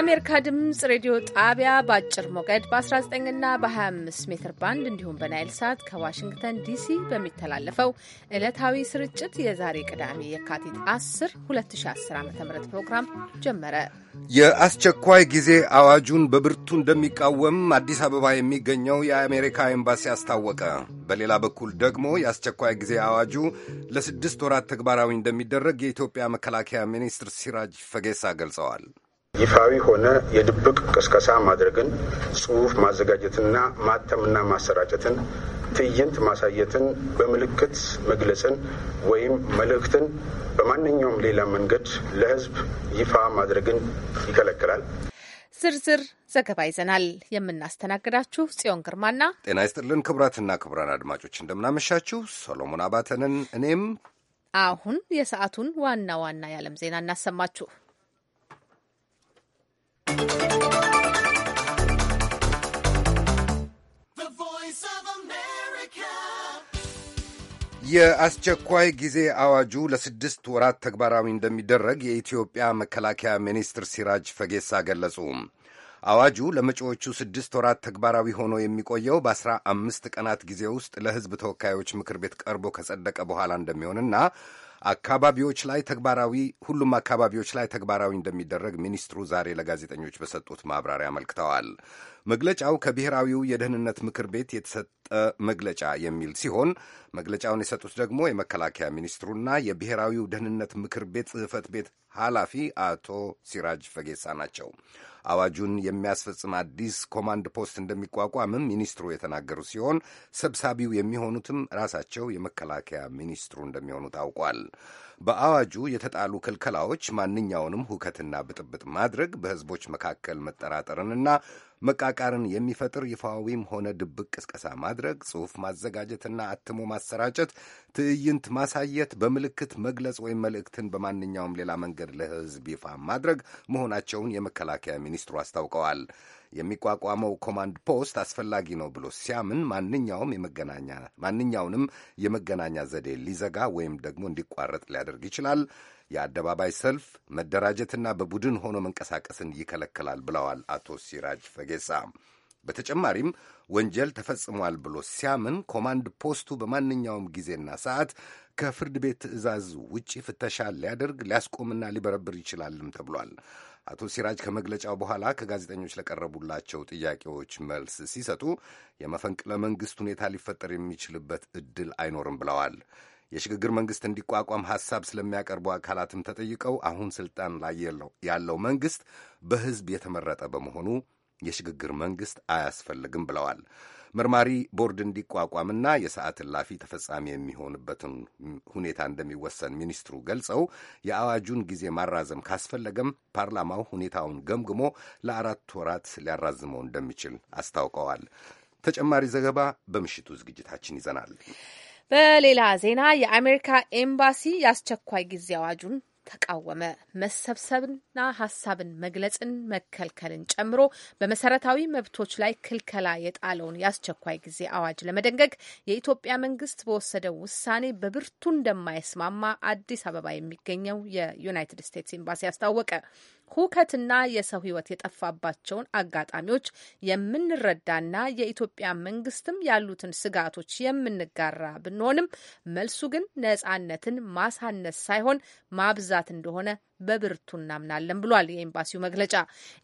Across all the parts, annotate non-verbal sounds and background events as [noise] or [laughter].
የአሜሪካ ድምፅ ሬዲዮ ጣቢያ በአጭር ሞገድ በ19ና በ25 ሜትር ባንድ እንዲሁም በናይል ሳት ከዋሽንግተን ዲሲ በሚተላለፈው ዕለታዊ ስርጭት የዛሬ ቅዳሜ የካቲት 10 2010 ዓ ም ፕሮግራም ጀመረ። የአስቸኳይ ጊዜ አዋጁን በብርቱ እንደሚቃወም አዲስ አበባ የሚገኘው የአሜሪካ ኤምባሲ አስታወቀ። በሌላ በኩል ደግሞ የአስቸኳይ ጊዜ አዋጁ ለስድስት ወራት ተግባራዊ እንደሚደረግ የኢትዮጵያ መከላከያ ሚኒስትር ሲራጅ ፈጌሳ ገልጸዋል። ይፋዊ ሆነ የድብቅ ቅስቀሳ ማድረግን፣ ጽሁፍ ማዘጋጀትና ማተምና ማሰራጨትን፣ ትዕይንት ማሳየትን፣ በምልክት መግለጽን ወይም መልእክትን በማንኛውም ሌላ መንገድ ለህዝብ ይፋ ማድረግን ይከለክላል። ዝርዝር ዘገባ ይዘናል። የምናስተናግዳችሁ ጽዮን ግርማና ጤና ይስጥልን ክቡራትና ክቡራን አድማጮች እንደምናመሻችሁ። ሰሎሞን አባተንን እኔም አሁን የሰዓቱን ዋና ዋና የዓለም ዜና እናሰማችሁ። የአስቸኳይ ጊዜ አዋጁ ለስድስት ወራት ተግባራዊ እንደሚደረግ የኢትዮጵያ መከላከያ ሚኒስትር ሲራጅ ፈጌሳ ገለጹ። አዋጁ ለመጪዎቹ ስድስት ወራት ተግባራዊ ሆኖ የሚቆየው በአስራ አምስት ቀናት ጊዜ ውስጥ ለሕዝብ ተወካዮች ምክር ቤት ቀርቦ ከጸደቀ በኋላ እንደሚሆንና አካባቢዎች ላይ ተግባራዊ ሁሉም አካባቢዎች ላይ ተግባራዊ እንደሚደረግ ሚኒስትሩ ዛሬ ለጋዜጠኞች በሰጡት ማብራሪያ አመልክተዋል። መግለጫው ከብሔራዊው የደህንነት ምክር ቤት የተሰጠ መግለጫ የሚል ሲሆን መግለጫውን የሰጡት ደግሞ የመከላከያ ሚኒስትሩና የብሔራዊው ደህንነት ምክር ቤት ጽህፈት ቤት ኃላፊ አቶ ሲራጅ ፈጌሳ ናቸው። አዋጁን የሚያስፈጽም አዲስ ኮማንድ ፖስት እንደሚቋቋምም ሚኒስትሩ የተናገሩ ሲሆን ሰብሳቢው የሚሆኑትም ራሳቸው የመከላከያ ሚኒስትሩ እንደሚሆኑ ታውቋል። በአዋጁ የተጣሉ ክልከላዎች ማንኛውንም ሁከትና ብጥብጥ ማድረግ፣ በህዝቦች መካከል መጠራጠርንና መቃቃርን የሚፈጥር ይፋዊም ሆነ ድብቅ ቅስቀሳ ማድረግ፣ ጽሑፍ ማዘጋጀትና አትሞ ማሰራጨት፣ ትዕይንት ማሳየት፣ በምልክት መግለጽ ወይም መልእክትን በማንኛውም ሌላ መንገድ ለህዝብ ይፋ ማድረግ መሆናቸውን የመከላከያ ሚኒስትሩ አስታውቀዋል። የሚቋቋመው ኮማንድ ፖስት አስፈላጊ ነው ብሎ ሲያምን ማንኛውም የመገናኛ ማንኛውንም የመገናኛ ዘዴ ሊዘጋ ወይም ደግሞ እንዲቋረጥ ሊያደርግ ይችላል። የአደባባይ ሰልፍ፣ መደራጀትና በቡድን ሆኖ መንቀሳቀስን ይከለክላል ብለዋል አቶ ሲራጅ ፈጌሳ። በተጨማሪም ወንጀል ተፈጽሟል ብሎ ሲያምን ኮማንድ ፖስቱ በማንኛውም ጊዜና ሰዓት ከፍርድ ቤት ትዕዛዝ ውጪ ፍተሻ ሊያደርግ ሊያስቆምና ሊበረብር ይችላልም ተብሏል። አቶ ሲራጅ ከመግለጫው በኋላ ከጋዜጠኞች ለቀረቡላቸው ጥያቄዎች መልስ ሲሰጡ የመፈንቅለ ለመንግስት ሁኔታ ሊፈጠር የሚችልበት እድል አይኖርም ብለዋል። የሽግግር መንግስት እንዲቋቋም ሐሳብ ስለሚያቀርቡ አካላትም ተጠይቀው አሁን ስልጣን ላይ ያለው መንግስት በህዝብ የተመረጠ በመሆኑ የሽግግር መንግስት አያስፈልግም ብለዋል። መርማሪ ቦርድ እንዲቋቋምና የሰዓት እላፊ ተፈጻሚ የሚሆንበትን ሁኔታ እንደሚወሰን ሚኒስትሩ ገልጸው የአዋጁን ጊዜ ማራዘም ካስፈለገም ፓርላማው ሁኔታውን ገምግሞ ለአራት ወራት ሊያራዝመው እንደሚችል አስታውቀዋል። ተጨማሪ ዘገባ በምሽቱ ዝግጅታችን ይዘናል። በሌላ ዜና የአሜሪካ ኤምባሲ የአስቸኳይ ጊዜ አዋጁን ተቃወመ። መሰብሰብና ሀሳብን መግለጽን መከልከልን ጨምሮ በመሰረታዊ መብቶች ላይ ክልከላ የጣለውን የአስቸኳይ ጊዜ አዋጅ ለመደንገግ የኢትዮጵያ መንግስት በወሰደው ውሳኔ በብርቱ እንደማይስማማ አዲስ አበባ የሚገኘው የዩናይትድ ስቴትስ ኤምባሲ አስታወቀ። ሁከትና የሰው ህይወት የጠፋባቸውን አጋጣሚዎች የምንረዳና የኢትዮጵያ መንግስትም ያሉትን ስጋቶች የምንጋራ ብንሆንም መልሱ ግን ነጻነትን ማሳነስ ሳይሆን ማብዛት እንደሆነ በብርቱ እናምናለን ብሏል የኤምባሲው መግለጫ።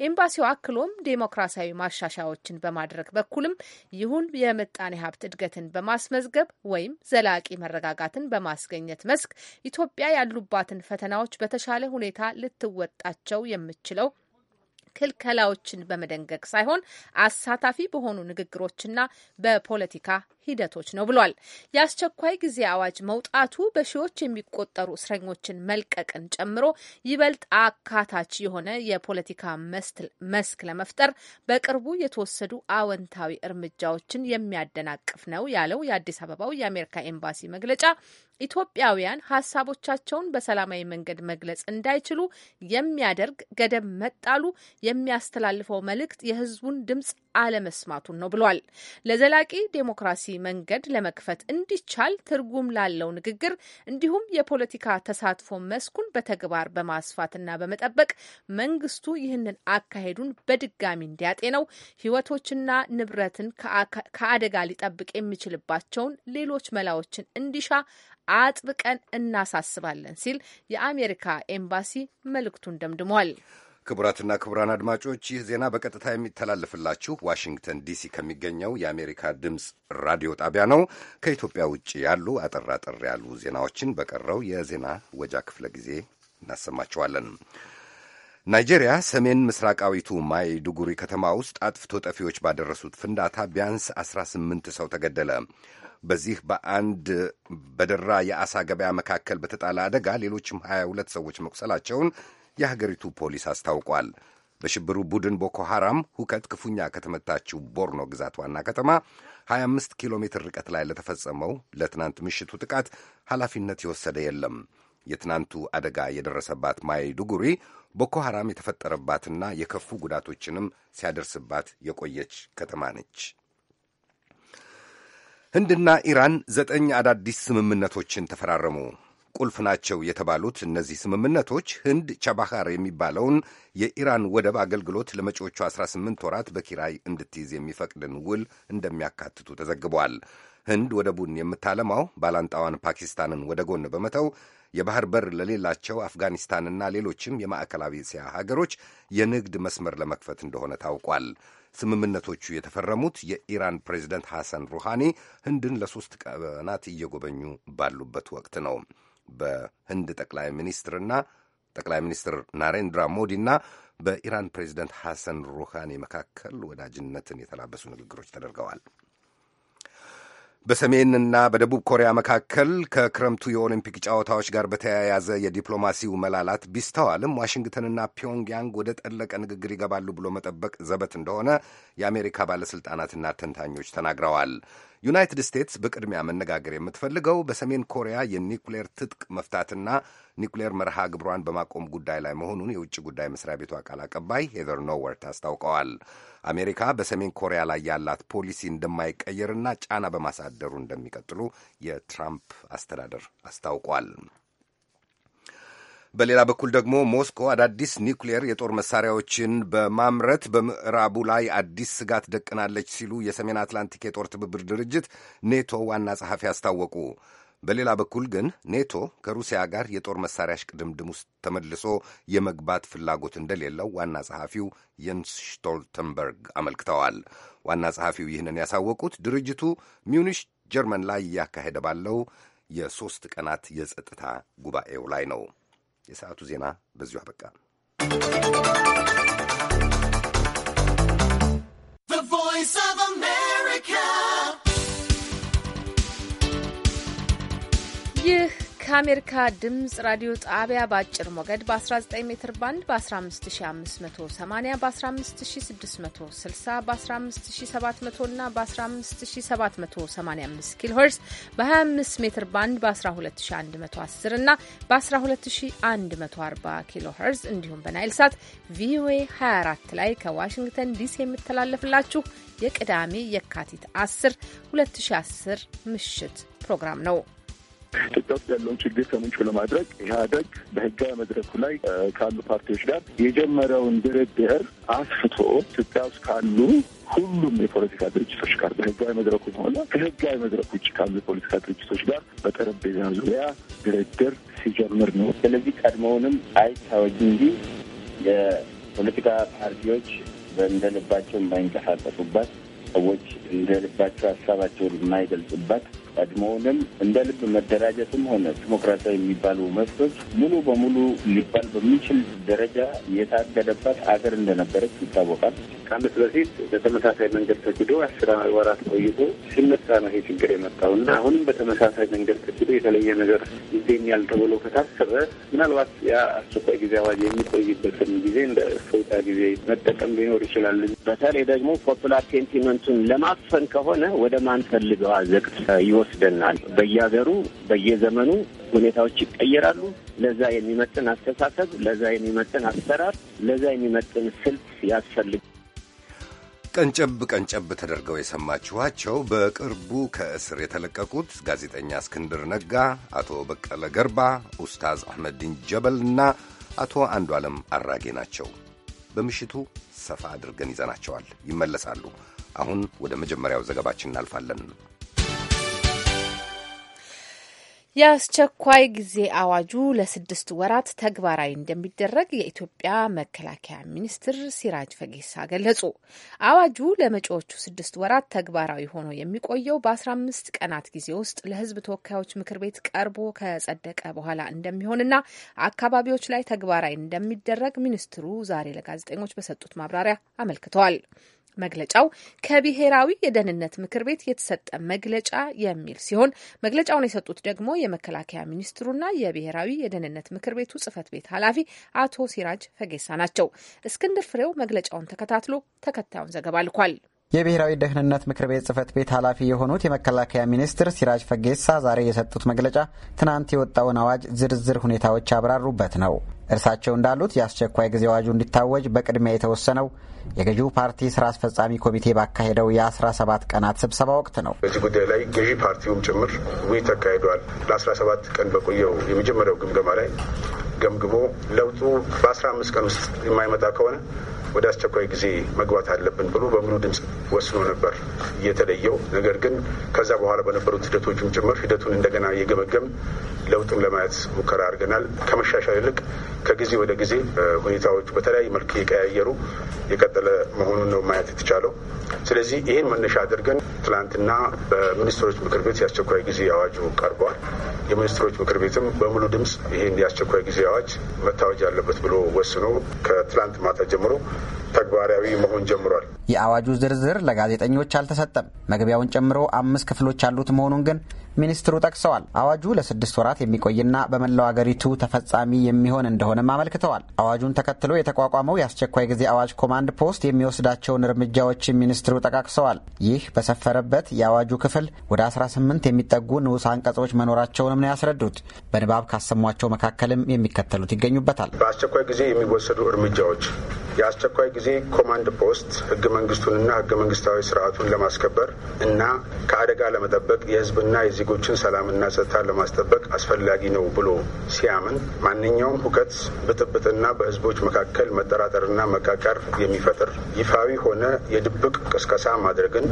ኤምባሲው አክሎም ዴሞክራሲያዊ ማሻሻያዎችን በማድረግ በኩልም ይሁን የምጣኔ ሀብት እድገትን በማስመዝገብ ወይም ዘላቂ መረጋጋትን በማስገኘት መስክ ኢትዮጵያ ያሉባትን ፈተናዎች በተሻለ ሁኔታ ልትወጣቸው የምችለው ክልከላዎችን በመደንገግ ሳይሆን አሳታፊ በሆኑ ንግግሮችና በፖለቲካ ሂደቶች ነው ብሏል። የአስቸኳይ ጊዜ አዋጅ መውጣቱ በሺዎች የሚቆጠሩ እስረኞችን መልቀቅን ጨምሮ ይበልጥ አካታች የሆነ የፖለቲካ መስክ ለመፍጠር በቅርቡ የተወሰዱ አወንታዊ እርምጃዎችን የሚያደናቅፍ ነው ያለው የአዲስ አበባው የአሜሪካ ኤምባሲ መግለጫ ኢትዮጵያውያን ሀሳቦቻቸውን በሰላማዊ መንገድ መግለጽ እንዳይችሉ የሚያደርግ ገደብ መጣሉ የሚያስተላልፈው መልእክት የሕዝቡን ድምፅ አለመስማቱን ነው ብሏል። ለዘላቂ ዴሞክራሲ መንገድ ለመክፈት እንዲቻል ትርጉም ላለው ንግግር እንዲሁም የፖለቲካ ተሳትፎ መስኩን በተግባር በማስፋትና በመጠበቅ መንግስቱ ይህንን አካሄዱን በድጋሚ እንዲያጤነው ህይወቶችና ንብረትን ከአደጋ ሊጠብቅ የሚችልባቸውን ሌሎች መላዎችን እንዲሻ አጥብቀን እናሳስባለን ሲል የአሜሪካ ኤምባሲ መልእክቱን ደምድሟል። ክቡራትና ክቡራን አድማጮች ይህ ዜና በቀጥታ የሚተላለፍላችሁ ዋሽንግተን ዲሲ ከሚገኘው የአሜሪካ ድምፅ ራዲዮ ጣቢያ ነው። ከኢትዮጵያ ውጭ ያሉ አጠር አጠር ያሉ ዜናዎችን በቀረው የዜና ወጃ ክፍለ ጊዜ እናሰማችኋለን። ናይጄሪያ ሰሜን ምስራቃዊቱ ማይ ዱጉሪ ከተማ ውስጥ አጥፍቶ ጠፊዎች ባደረሱት ፍንዳታ ቢያንስ 18 ሰው ተገደለ። በዚህ በአንድ በደራ የአሳ ገበያ መካከል በተጣለ አደጋ ሌሎችም 22 ሰዎች መቁሰላቸውን የሀገሪቱ ፖሊስ አስታውቋል። በሽብሩ ቡድን ቦኮ ሐራም ሁከት ክፉኛ ከተመታችው ቦርኖ ግዛት ዋና ከተማ 25 ኪሎ ሜትር ርቀት ላይ ለተፈጸመው ለትናንት ምሽቱ ጥቃት ኃላፊነት የወሰደ የለም። የትናንቱ አደጋ የደረሰባት ዱጉሪ ቦኮ ሐራም የተፈጠረባትና የከፉ ጉዳቶችንም ሲያደርስባት የቆየች ከተማ ነች። ህንድና ኢራን ዘጠኝ አዳዲስ ስምምነቶችን ተፈራረሙ። ቁልፍ ናቸው የተባሉት እነዚህ ስምምነቶች ህንድ ቻባሃር የሚባለውን የኢራን ወደብ አገልግሎት ለመጪዎቹ 18 ወራት በኪራይ እንድትይዝ የሚፈቅድን ውል እንደሚያካትቱ ተዘግቧል። ህንድ ወደቡን የምታለማው ባላንጣዋን ፓኪስታንን ወደ ጎን በመተው የባህር በር ለሌላቸው አፍጋኒስታንና ሌሎችም የማዕከላዊ እስያ ሀገሮች የንግድ መስመር ለመክፈት እንደሆነ ታውቋል። ስምምነቶቹ የተፈረሙት የኢራን ፕሬዚደንት ሐሰን ሩሃኒ ህንድን ለሶስት ቀናት እየጎበኙ ባሉበት ወቅት ነው። በህንድ ጠቅላይ ሚኒስትርና ጠቅላይ ሚኒስትር ናሬንድራ ሞዲና በኢራን ፕሬዚደንት ሐሰን ሩሃኒ መካከል ወዳጅነትን የተላበሱ ንግግሮች ተደርገዋል። በሰሜንና በደቡብ ኮሪያ መካከል ከክረምቱ የኦሊምፒክ ጨዋታዎች ጋር በተያያዘ የዲፕሎማሲው መላላት ቢስተዋልም ዋሽንግተንና ፒዮንግያንግ ወደ ጠለቀ ንግግር ይገባሉ ብሎ መጠበቅ ዘበት እንደሆነ የአሜሪካ ባለሥልጣናትና ተንታኞች ተናግረዋል። ዩናይትድ ስቴትስ በቅድሚያ መነጋገር የምትፈልገው በሰሜን ኮሪያ የኒውክሌር ትጥቅ መፍታትና ኒውክሌር መርሃ ግብሯን በማቆም ጉዳይ ላይ መሆኑን የውጭ ጉዳይ መስሪያ ቤቷ ቃል አቀባይ ሄዘር ኖወርት አስታውቀዋል። አሜሪካ በሰሜን ኮሪያ ላይ ያላት ፖሊሲ እንደማይቀየርና ጫና በማሳደሩ እንደሚቀጥሉ የትራምፕ አስተዳደር አስታውቋል። በሌላ በኩል ደግሞ ሞስኮ አዳዲስ ኒውክሌር የጦር መሳሪያዎችን በማምረት በምዕራቡ ላይ አዲስ ስጋት ደቅናለች ሲሉ የሰሜን አትላንቲክ የጦር ትብብር ድርጅት ኔቶ ዋና ጸሐፊ አስታወቁ። በሌላ በኩል ግን ኔቶ ከሩሲያ ጋር የጦር መሳሪያ ሽቅድምድም ውስጥ ተመልሶ የመግባት ፍላጎት እንደሌለው ዋና ጸሐፊው የንስ ሽቶልተንበርግ አመልክተዋል። ዋና ጸሐፊው ይህንን ያሳወቁት ድርጅቱ ሚውኒሽ ጀርመን ላይ እያካሄደ ባለው የሦስት ቀናት የጸጥታ ጉባኤው ላይ ነው። የሰዓቱ ዜና በዚሁ አበቃ። ይህ ከአሜሪካ ድምፅ ራዲዮ ጣቢያ በአጭር ሞገድ በ19 ሜትር ባንድ በ15580 በ15660 በ15700 እና በ15785 ኪሎ ሄርዝ በ25 ሜትር ባንድ በ12110 እና በ12140 ኪሎ ሄርዝ እንዲሁም በናይል ሳት ቪኦኤ 24 ላይ ከዋሽንግተን ዲሲ የምተላለፍላችሁ የቅዳሜ የካቲት 10 2010 ምሽት ፕሮግራም ነው። ኢትዮጵያ ውስጥ ያለውን ችግር ከምንጩ ለማድረግ ኢህአደግ በህጋዊ መድረኩ ላይ ካሉ ፓርቲዎች ጋር የጀመረውን ድርድር አስፍቶ ኢትዮጵያ ውስጥ ካሉ ሁሉም የፖለቲካ ድርጅቶች ጋር በህጋዊ መድረኩ ሆነ ከህጋዊ መድረኩ ውጭ ካሉ የፖለቲካ ድርጅቶች ጋር በጠረጴዛ ዙሪያ ድርድር ሲጀምር ነው። ስለዚህ ቀድሞውንም አይታወጅ እንጂ የፖለቲካ ፓርቲዎች እንደልባቸው የማይንቀሳቀሱበት ሰዎች እንደልባቸው ሀሳባቸውን የማይገልጹበት። ቀድሞውንም እንደ ልብ መደራጀትም ሆነ ዲሞክራሲያዊ የሚባሉ መብቶች ሙሉ በሙሉ ሊባል በሚችል ደረጃ የታገደባት አገር እንደነበረች ይታወቃል። ከአመት በፊት በተመሳሳይ መንገድ ተችዶ አስር ወራት ቆይቶ ሲነሳ ነው ይሄ ችግር የመጣው እና አሁንም በተመሳሳይ መንገድ ተችዶ የተለየ ነገር ይገኛል ተብሎ ከታሰበ ምናልባት ያ አስቸኳይ ጊዜ አዋጅ የሚቆይበትን ጊዜ እንደ እፎይታ ጊዜ መጠቀም ሊኖር ይችላል። በተለይ ደግሞ ፖፑላር ሴንቲመንቱን ለማፈን ከሆነ ወደ ማንፈልገዋ ዘቅት ይወ ይወስደናል። በየሀገሩ በየዘመኑ ሁኔታዎች ይቀየራሉ። ለዛ የሚመጥን አስተሳሰብ፣ ለዛ የሚመጥን አሰራር፣ ለዛ የሚመጥን ስልት ያስፈልግ ቀንጨብ ቀንጨብ ተደርገው የሰማችኋቸው በቅርቡ ከእስር የተለቀቁት ጋዜጠኛ እስክንድር ነጋ፣ አቶ በቀለ ገርባ፣ ኡስታዝ አሕመዲን ጀበል እና አቶ አንዱ ዓለም አራጌ ናቸው። በምሽቱ ሰፋ አድርገን ይዘናቸዋል። ይመለሳሉ። አሁን ወደ መጀመሪያው ዘገባችን እናልፋለን። የአስቸኳይ ጊዜ አዋጁ ለስድስት ወራት ተግባራዊ እንደሚደረግ የኢትዮጵያ መከላከያ ሚኒስትር ሲራጅ ፈጌሳ ገለጹ። አዋጁ ለመጪዎቹ ስድስት ወራት ተግባራዊ ሆኖ የሚቆየው በአስራ አምስት ቀናት ጊዜ ውስጥ ለሕዝብ ተወካዮች ምክር ቤት ቀርቦ ከጸደቀ በኋላ እንደሚሆንና አካባቢዎች ላይ ተግባራዊ እንደሚደረግ ሚኒስትሩ ዛሬ ለጋዜጠኞች በሰጡት ማብራሪያ አመልክተዋል። መግለጫው ከብሔራዊ የደህንነት ምክር ቤት የተሰጠ መግለጫ የሚል ሲሆን መግለጫውን የሰጡት ደግሞ የመከላከያ ሚኒስትሩና የብሔራዊ የደህንነት ምክር ቤቱ ጽህፈት ቤት ኃላፊ አቶ ሲራጅ ፈጌሳ ናቸው። እስክንድር ፍሬው መግለጫውን ተከታትሎ ተከታዩን ዘገባ ልኳል። የብሔራዊ ደህንነት ምክር ቤት ጽህፈት ቤት ኃላፊ የሆኑት የመከላከያ ሚኒስትር ሲራጅ ፈጌሳ ዛሬ የሰጡት መግለጫ ትናንት የወጣውን አዋጅ ዝርዝር ሁኔታዎች ያብራሩበት ነው። እርሳቸው እንዳሉት የአስቸኳይ ጊዜ አዋጁ እንዲታወጅ በቅድሚያ የተወሰነው የገዢው ፓርቲ ስራ አስፈጻሚ ኮሚቴ ባካሄደው የ17 ቀናት ስብሰባ ወቅት ነው። በዚህ ጉዳይ ላይ ገዢ ፓርቲውም ጭምር ውይይት ተካሂደዋል። ለ17 ቀን በቆየው የመጀመሪያው ግምገማ ላይ ገምግሞ ለውጡ በ15 ቀን ውስጥ የማይመጣ ከሆነ ወደ አስቸኳይ ጊዜ መግባት አለብን ብሎ በሙሉ ድምፅ ወስኖ ነበር የተለየው። ነገር ግን ከዛ በኋላ በነበሩት ሂደቶችም ጭምር ሂደቱን እንደገና እየገመገም ለውጡን ለማየት ሙከራ አድርገናል። ከመሻሻል ይልቅ ከጊዜ ወደ ጊዜ ሁኔታዎቹ በተለያየ መልክ እየቀያየሩ የቀጠለ መሆኑን ነው ማየት የተቻለው። ስለዚህ ይህን መነሻ አድርገን ትናንትና በሚኒስትሮች ምክር ቤት የአስቸኳይ ጊዜ አዋጁ ቀርቧል። የሚኒስትሮች ምክር ቤትም በሙሉ ድምፅ ይህን የአስቸኳይ ጊዜ አዋጅ መታወጅ አለበት ብሎ ወስኖ ከትላንት ማታ ጀምሮ ተግባራዊ መሆን ጀምሯል። የአዋጁ ዝርዝር ለጋዜጠኞች አልተሰጠም። መግቢያውን ጨምሮ አምስት ክፍሎች ያሉት መሆኑን ግን ሚኒስትሩ ጠቅሰዋል። አዋጁ ለስድስት ወራት የሚቆይና በመላው አገሪቱ ተፈጻሚ የሚሆን እንደሆነም አመልክተዋል። አዋጁን ተከትሎ የተቋቋመው የአስቸኳይ ጊዜ አዋጅ ኮማንድ ፖስት የሚወስዳቸውን እርምጃዎች ሚኒስትሩ ጠቃቅሰዋል። ይህ በሰፈረበት የአዋጁ ክፍል ወደ 18 የሚጠጉ ንዑስ አንቀጾች መኖራቸውንም ነው ያስረዱት። በንባብ ካሰሟቸው መካከልም የሚከተሉት ይገኙበታል። በአስቸኳይ ጊዜ የሚወሰዱ እርምጃዎች የአስቸኳይ ጊዜ ኮማንድ ፖስት ህገ መንግስቱንና ህገ መንግስታዊ ስርዓቱን ለማስከበር እና ከአደጋ ለመጠበቅ የህዝብና የዜ የዜጎችን ሰላምና ጸጥታ ለማስጠበቅ አስፈላጊ ነው ብሎ ሲያምን ማንኛውም ሁከት፣ ብጥብጥና በህዝቦች መካከል መጠራጠርና መቃቀር የሚፈጥር ይፋዊ ሆነ የድብቅ ቅስቀሳ ማድረግን፣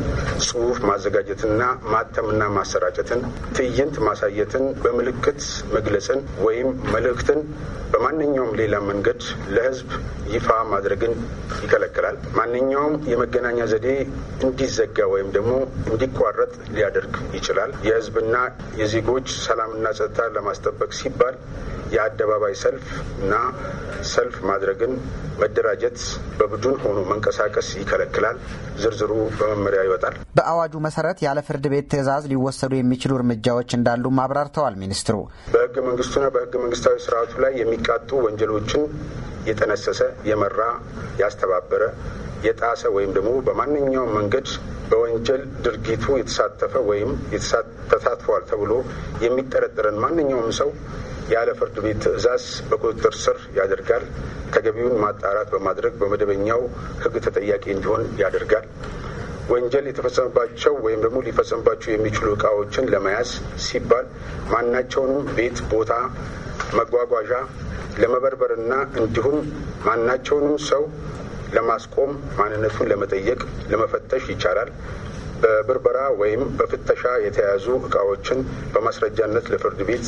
ጽሁፍ ማዘጋጀትና ማተምና ማሰራጨትን፣ ትዕይንት ማሳየትን፣ በምልክት መግለጽን ወይም መልእክትን በማንኛውም ሌላ መንገድ ለህዝብ ይፋ ማድረግን ይከለክላል። ማንኛውም የመገናኛ ዘዴ እንዲዘጋ ወይም ደግሞ እንዲቋረጥ ሊያደርግ ይችላል። የህዝብ እና የዜጎች ሰላምና ጸጥታ ለማስጠበቅ ሲባል የአደባባይ ሰልፍ እና ሰልፍ ማድረግን መደራጀት፣ በቡድን ሆኖ መንቀሳቀስ ይከለክላል። ዝርዝሩ በመመሪያ ይወጣል። በአዋጁ መሰረት ያለ ፍርድ ቤት ትዕዛዝ ሊወሰዱ የሚችሉ እርምጃዎች እንዳሉም አብራርተዋል ሚኒስትሩ። በህገ መንግስቱና በህገ መንግስታዊ ስርዓቱ ላይ የሚቃጡ ወንጀሎችን የጠነሰሰ የመራ ያስተባበረ የጣሰ ወይም ደግሞ በማንኛውም መንገድ በወንጀል ድርጊቱ የተሳተፈ ወይም ተሳትፏል ተብሎ የሚጠረጠረን ማንኛውም ሰው ያለ ፍርድ ቤት ትዕዛዝ በቁጥጥር ስር ያደርጋል። ተገቢውን ማጣራት በማድረግ በመደበኛው ሕግ ተጠያቂ እንዲሆን ያደርጋል። ወንጀል የተፈጸመባቸው ወይም ደግሞ ሊፈጸምባቸው የሚችሉ እቃዎችን ለመያዝ ሲባል ማናቸውንም ቤት፣ ቦታ፣ መጓጓዣ ለመበርበርና እንዲሁም ማናቸውንም ሰው ለማስቆም ማንነቱን ለመጠየቅ፣ ለመፈተሽ ይቻላል። በብርበራ ወይም በፍተሻ የተያዙ እቃዎችን በማስረጃነት ለፍርድ ቤት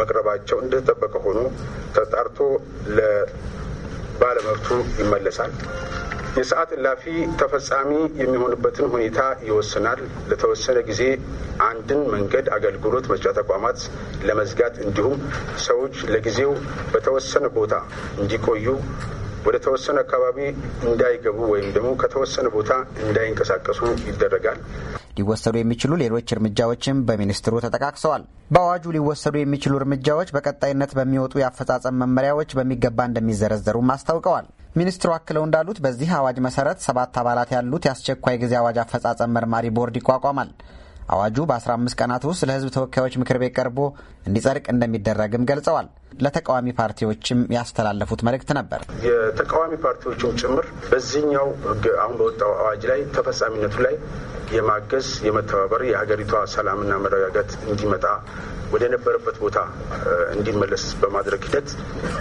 መቅረባቸው እንደተጠበቀ ሆኖ ተጣርቶ ለባለመብቱ ይመለሳል። የሰዓት እላፊ ተፈጻሚ የሚሆንበትን ሁኔታ ይወስናል። ለተወሰነ ጊዜ አንድን መንገድ አገልግሎት መስጫ ተቋማት ለመዝጋት እንዲሁም ሰዎች ለጊዜው በተወሰነ ቦታ እንዲቆዩ ወደ ተወሰነ አካባቢ እንዳይገቡ ወይም ደግሞ ከተወሰነ ቦታ እንዳይንቀሳቀሱ ይደረጋል። ሊወሰዱ የሚችሉ ሌሎች እርምጃዎችም በሚኒስትሩ ተጠቃቅሰዋል። በአዋጁ ሊወሰዱ የሚችሉ እርምጃዎች በቀጣይነት በሚወጡ የአፈጻጸም መመሪያዎች በሚገባ እንደሚዘረዘሩም አስታውቀዋል። ሚኒስትሩ አክለው እንዳሉት በዚህ አዋጅ መሰረት ሰባት አባላት ያሉት የአስቸኳይ ጊዜ አዋጅ አፈጻጸም መርማሪ ቦርድ ይቋቋማል። አዋጁ በ15 ቀናት ውስጥ ለህዝብ ተወካዮች ምክር ቤት ቀርቦ እንዲጸድቅ እንደሚደረግም ገልጸዋል። ለተቃዋሚ ፓርቲዎችም ያስተላለፉት መልእክት ነበር። የተቃዋሚ ፓርቲዎችም ጭምር በዚህኛው አሁን በወጣው አዋጅ ላይ ተፈጻሚነቱ ላይ የማገዝ የመተባበር የሀገሪቷ ሰላምና መረጋጋት እንዲመጣ ወደ ነበረበት ቦታ እንዲመለስ በማድረግ ሂደት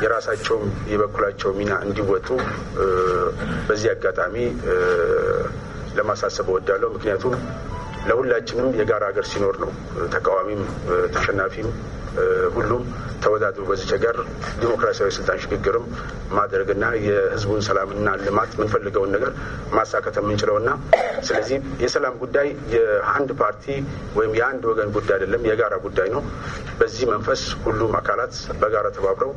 የራሳቸውም የበኩላቸው ሚና እንዲወጡ በዚህ አጋጣሚ ለማሳሰብ እወዳለሁ። ምክንያቱም ለሁላችንም የጋራ ሀገር ሲኖር ነው ተቃዋሚም ተሸናፊም ሁሉም ተወዳድሮ በዚች ሀገር ዲሞክራሲያዊ ስልጣን ሽግግርም ማድረግና የህዝቡን ሰላምና ልማት የምንፈልገውን ነገር ማሳከት የምንችለውና ስለዚህ የሰላም ጉዳይ የአንድ ፓርቲ ወይም የአንድ ወገን ጉዳይ አይደለም፣ የጋራ ጉዳይ ነው። በዚህ መንፈስ ሁሉም አካላት በጋራ ተባብረው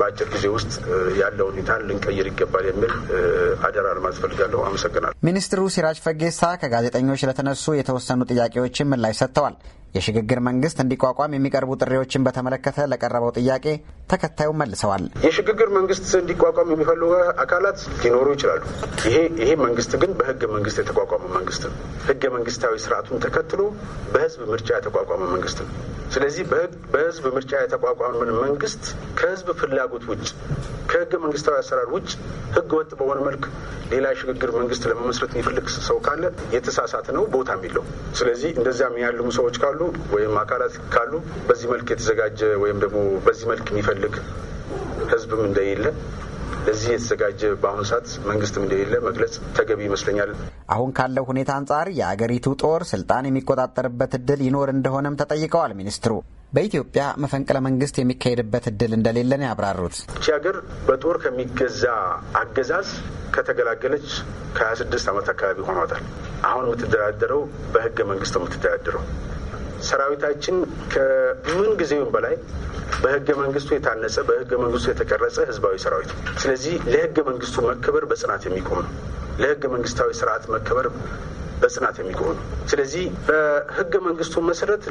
በአጭር ጊዜ ውስጥ ያለው ሁኔታ ልንቀይር ይገባል የሚል አደራ ልማት ፈልጋለሁ። አመሰግናለሁ። ሚኒስትሩ ሲራጅ ፈጌሳ ከጋዜጠኞች ለተነሱ የተወሰኑ ጥያቄዎችን ምላሽ ሰጥተዋል። የሽግግር መንግስት እንዲቋቋም የሚቀርቡ ጥሪዎችን በተመለከተ ለቀረበው ጥያቄ ተከታዩን መልሰዋል። የሽግግር መንግስት እንዲቋቋም የሚፈልጉ አካላት ሊኖሩ ይችላሉ። ይሄ ይሄ መንግስት ግን በህገ መንግስት የተቋቋመ መንግስት ነው። ህገ መንግስታዊ ስርዓቱን ተከትሎ በህዝብ ምርጫ የተቋቋመ መንግስት ነው። ስለዚህ በህዝብ ምርጫ የተቋቋመን መንግስት ከህዝብ ፍላጎት ውጭ ከህገ መንግስታዊ አሰራር ውጭ ህገ ወጥ በሆነ መልክ ሌላ የሽግግር መንግስት ለመመስረት የሚፈልግ ሰው ካለ የተሳሳተ ነው ቦታ የሚለው ስለዚህ እንደዚያም ያልሙ ሰዎች ካሉ ወይም አካላት ካሉ በዚህ መልክ የተዘጋጀ ወይም ደግሞ በዚህ መልክ የሚፈልግ ህዝብም እንደሌለ ለዚህ የተዘጋጀ በአሁኑ ሰዓት መንግስትም እንደሌለ መግለጽ ተገቢ ይመስለኛል። አሁን ካለው ሁኔታ አንጻር የአገሪቱ ጦር ስልጣን የሚቆጣጠርበት እድል ይኖር እንደሆነም ተጠይቀዋል ሚኒስትሩ። በኢትዮጵያ መፈንቅለ መንግስት የሚካሄድበት እድል እንደሌለን ያብራሩት። ይቺ ሀገር በጦር ከሚገዛ አገዛዝ ከተገላገለች ከ26 ዓመት አካባቢ ሆኗታል። አሁን የምትደራደረው በህገ መንግስት ነው የምትደራደረው። ሰራዊታችን ከምን ጊዜውም በላይ በህገ መንግስቱ የታነጸ በህገ መንግስቱ የተቀረጸ ህዝባዊ ሰራዊት ነው። ስለዚህ ለህገ መንግስቱ መከበር በጽናት የሚቆም ነው። ለህገ መንግስታዊ ስርዓት መከበር በጽናት የሚቆም ነው። ስለዚህ በህገ መንግስቱ መሰረት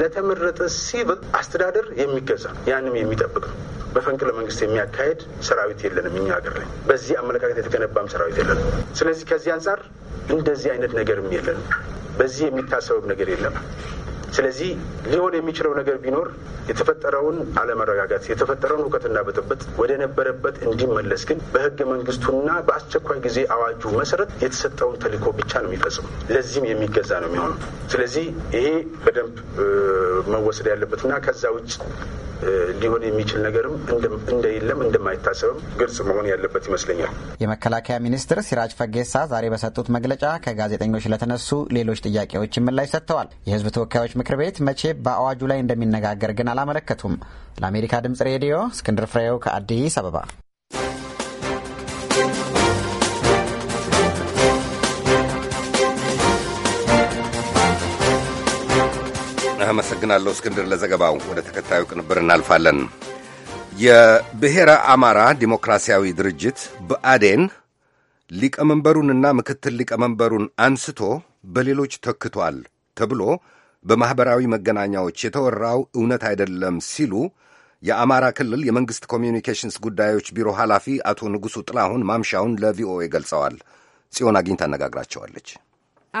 ለተመረጠ ሲቪል አስተዳደር የሚገዛ ያንም የሚጠብቅ ነው። በፈንቅለ መንግስት የሚያካሄድ ሰራዊት የለንም እኛ ሀገር ላይ በዚህ አመለካከት የተገነባም ሰራዊት የለንም። ስለዚህ ከዚህ አንጻር እንደዚህ አይነት ነገርም የለንም። በዚህ የሚታሰብም ነገር የለም። ስለዚህ ሊሆን የሚችለው ነገር ቢኖር የተፈጠረውን አለመረጋጋት የተፈጠረውን እውቀትና ብጥብጥ ወደ ነበረበት እንዲመለስ ግን በህገ መንግስቱና በአስቸኳይ ጊዜ አዋጁ መሰረት የተሰጠውን ተልእኮ ብቻ ነው የሚፈጽሙ። ለዚህም የሚገዛ ነው የሚሆነው። ስለዚህ ይሄ በደንብ መወሰድ ያለበትና ከዛ ውጭ ሊሆን የሚችል ነገርም እንደሌለም እንደማይታሰብም ግልጽ መሆን ያለበት ይመስለኛል። የመከላከያ ሚኒስትር ሲራጅ ፈጌሳ ዛሬ በሰጡት መግለጫ ከጋዜጠኞች ለተነሱ ሌሎች ጥያቄዎች ምላሽ ሰጥተዋል። የህዝብ ተወካዮች ምክር ቤት መቼ በአዋጁ ላይ እንደሚነጋገር ግን አላመለከቱም። ለአሜሪካ ድምጽ ሬዲዮ እስክንድር ፍሬው ከአዲስ አበባ አመሰግናለሁ እስክንድር ለዘገባው። ወደ ተከታዩ ቅንብር እናልፋለን። የብሔረ አማራ ዲሞክራሲያዊ ድርጅት ብአዴን ሊቀመንበሩንና ምክትል ሊቀመንበሩን አንስቶ በሌሎች ተክቷል ተብሎ በማኅበራዊ መገናኛዎች የተወራው እውነት አይደለም ሲሉ የአማራ ክልል የመንግሥት ኮሚዩኒኬሽንስ ጉዳዮች ቢሮ ኃላፊ አቶ ንጉሡ ጥላሁን ማምሻውን ለቪኦኤ ገልጸዋል። ጽዮን አግኝታ አነጋግራቸዋለች።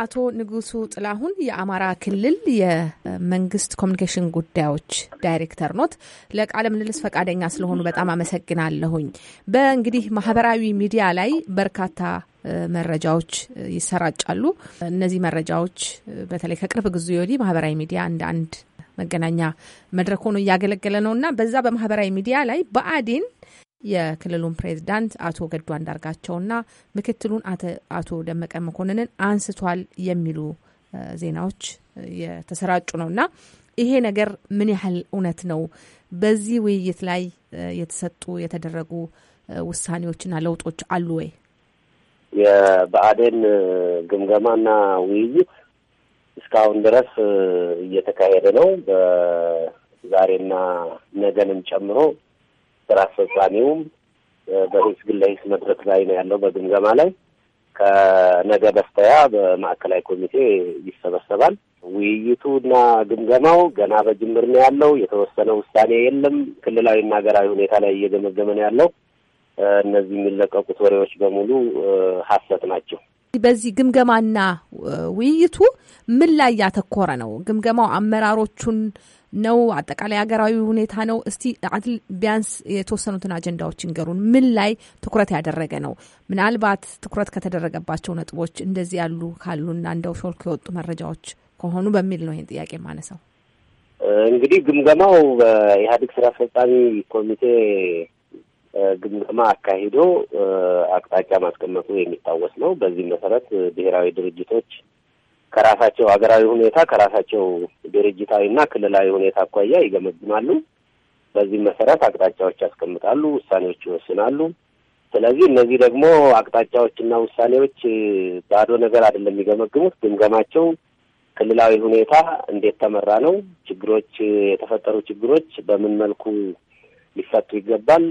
አቶ ንጉሱ ጥላሁን የአማራ ክልል የመንግስት ኮሚኒኬሽን ጉዳዮች ዳይሬክተር ኖት። ለቃለ ምልልስ ፈቃደኛ ስለሆኑ በጣም አመሰግናለሁኝ። በእንግዲህ ማህበራዊ ሚዲያ ላይ በርካታ መረጃዎች ይሰራጫሉ። እነዚህ መረጃዎች በተለይ ከቅርብ ጊዜ ወዲህ ማህበራዊ ሚዲያ እንደ አንድ መገናኛ መድረክ ሆኖ እያገለገለ ነው እና በዛ በማህበራዊ ሚዲያ ላይ በአዴን የክልሉን ፕሬዚዳንት አቶ ገዱ አንዳርጋቸውና ምክትሉን አቶ ደመቀ መኮንንን አንስቷል የሚሉ ዜናዎች የተሰራጩ ነው እና ይሄ ነገር ምን ያህል እውነት ነው? በዚህ ውይይት ላይ የተሰጡ የተደረጉ ውሳኔዎችና ለውጦች አሉ ወይ? የብአዴን ግምገማና ውይይት እስካሁን ድረስ እየተካሄደ ነው። በዛሬና ነገንም ጨምሮ ስራ አስፈጻሚውም በሂስ ግለይስ መድረክ ላይ ነው ያለው በግምገማ ላይ ከነገ በስተያ በማዕከላዊ ኮሚቴ ይሰበሰባል። ውይይቱ እና ግምገማው ገና በጅምር ነው ያለው። የተወሰነ ውሳኔ የለም። ክልላዊና ሀገራዊ ሁኔታ ላይ እየገመገመ ነው ያለው። እነዚህ የሚለቀቁት ወሬዎች በሙሉ ሀሰት ናቸው። በዚህ ግምገማና ውይይቱ ምን ላይ ያተኮረ ነው? ግምገማው አመራሮቹን ነው? አጠቃላይ ሀገራዊ ሁኔታ ነው? እስቲ ቢያንስ የተወሰኑትን አጀንዳዎች እንገሩን። ምን ላይ ትኩረት ያደረገ ነው? ምናልባት ትኩረት ከተደረገባቸው ነጥቦች እንደዚህ ያሉ ካሉና እንደው ሾልክ የወጡ መረጃዎች ከሆኑ በሚል ነው ይህን ጥያቄ የማነሳው። እንግዲህ ግምገማው በኢህአዴግ ስራ አስፈጻሚ ኮሚቴ ግምገማ አካሂዶ አቅጣጫ ማስቀመጡ የሚታወስ ነው። በዚህ መሰረት ብሔራዊ ድርጅቶች ከራሳቸው ሀገራዊ ሁኔታ ከራሳቸው ድርጅታዊና ክልላዊ ሁኔታ አኳያ ይገመግማሉ። በዚህ መሰረት አቅጣጫዎች ያስቀምጣሉ፣ ውሳኔዎች ይወስናሉ። ስለዚህ እነዚህ ደግሞ አቅጣጫዎችና ውሳኔዎች ባዶ ነገር አይደለም የሚገመግሙት። ግምገማቸው ክልላዊ ሁኔታ እንዴት ተመራ ነው፣ ችግሮች የተፈጠሩ ችግሮች በምን መልኩ ሊፈቱ ይገባል፣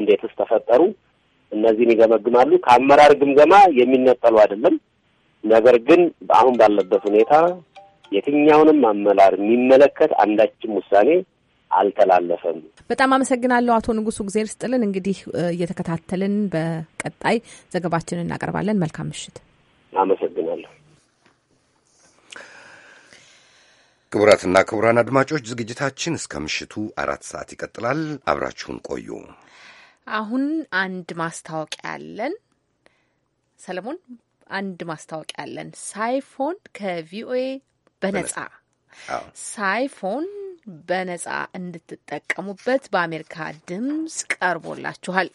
እንዴትስ ተፈጠሩ፣ እነዚህን ይገመግማሉ። ከአመራር ግምገማ የሚነጠሉ አይደለም። ነገር ግን አሁን ባለበት ሁኔታ የትኛውንም አመራር የሚመለከት አንዳችም ውሳኔ አልተላለፈም። በጣም አመሰግናለሁ አቶ ንጉሱ፣ እግዜር ስጥልን። እንግዲህ እየተከታተልን በቀጣይ ዘገባችንን እናቀርባለን። መልካም ምሽት። አመሰግናለሁ። ክቡራትና ክቡራን አድማጮች ዝግጅታችን እስከ ምሽቱ አራት ሰዓት ይቀጥላል። አብራችሁን ቆዩ። አሁን አንድ ማስታወቂያ ያለን ሰለሞን አንድ ማስታወቂያ አለን። ሳይፎን ከቪኦኤ በነጻ ሳይፎን በነጻ እንድትጠቀሙበት በአሜሪካ ድምፅ ቀርቦላችኋል።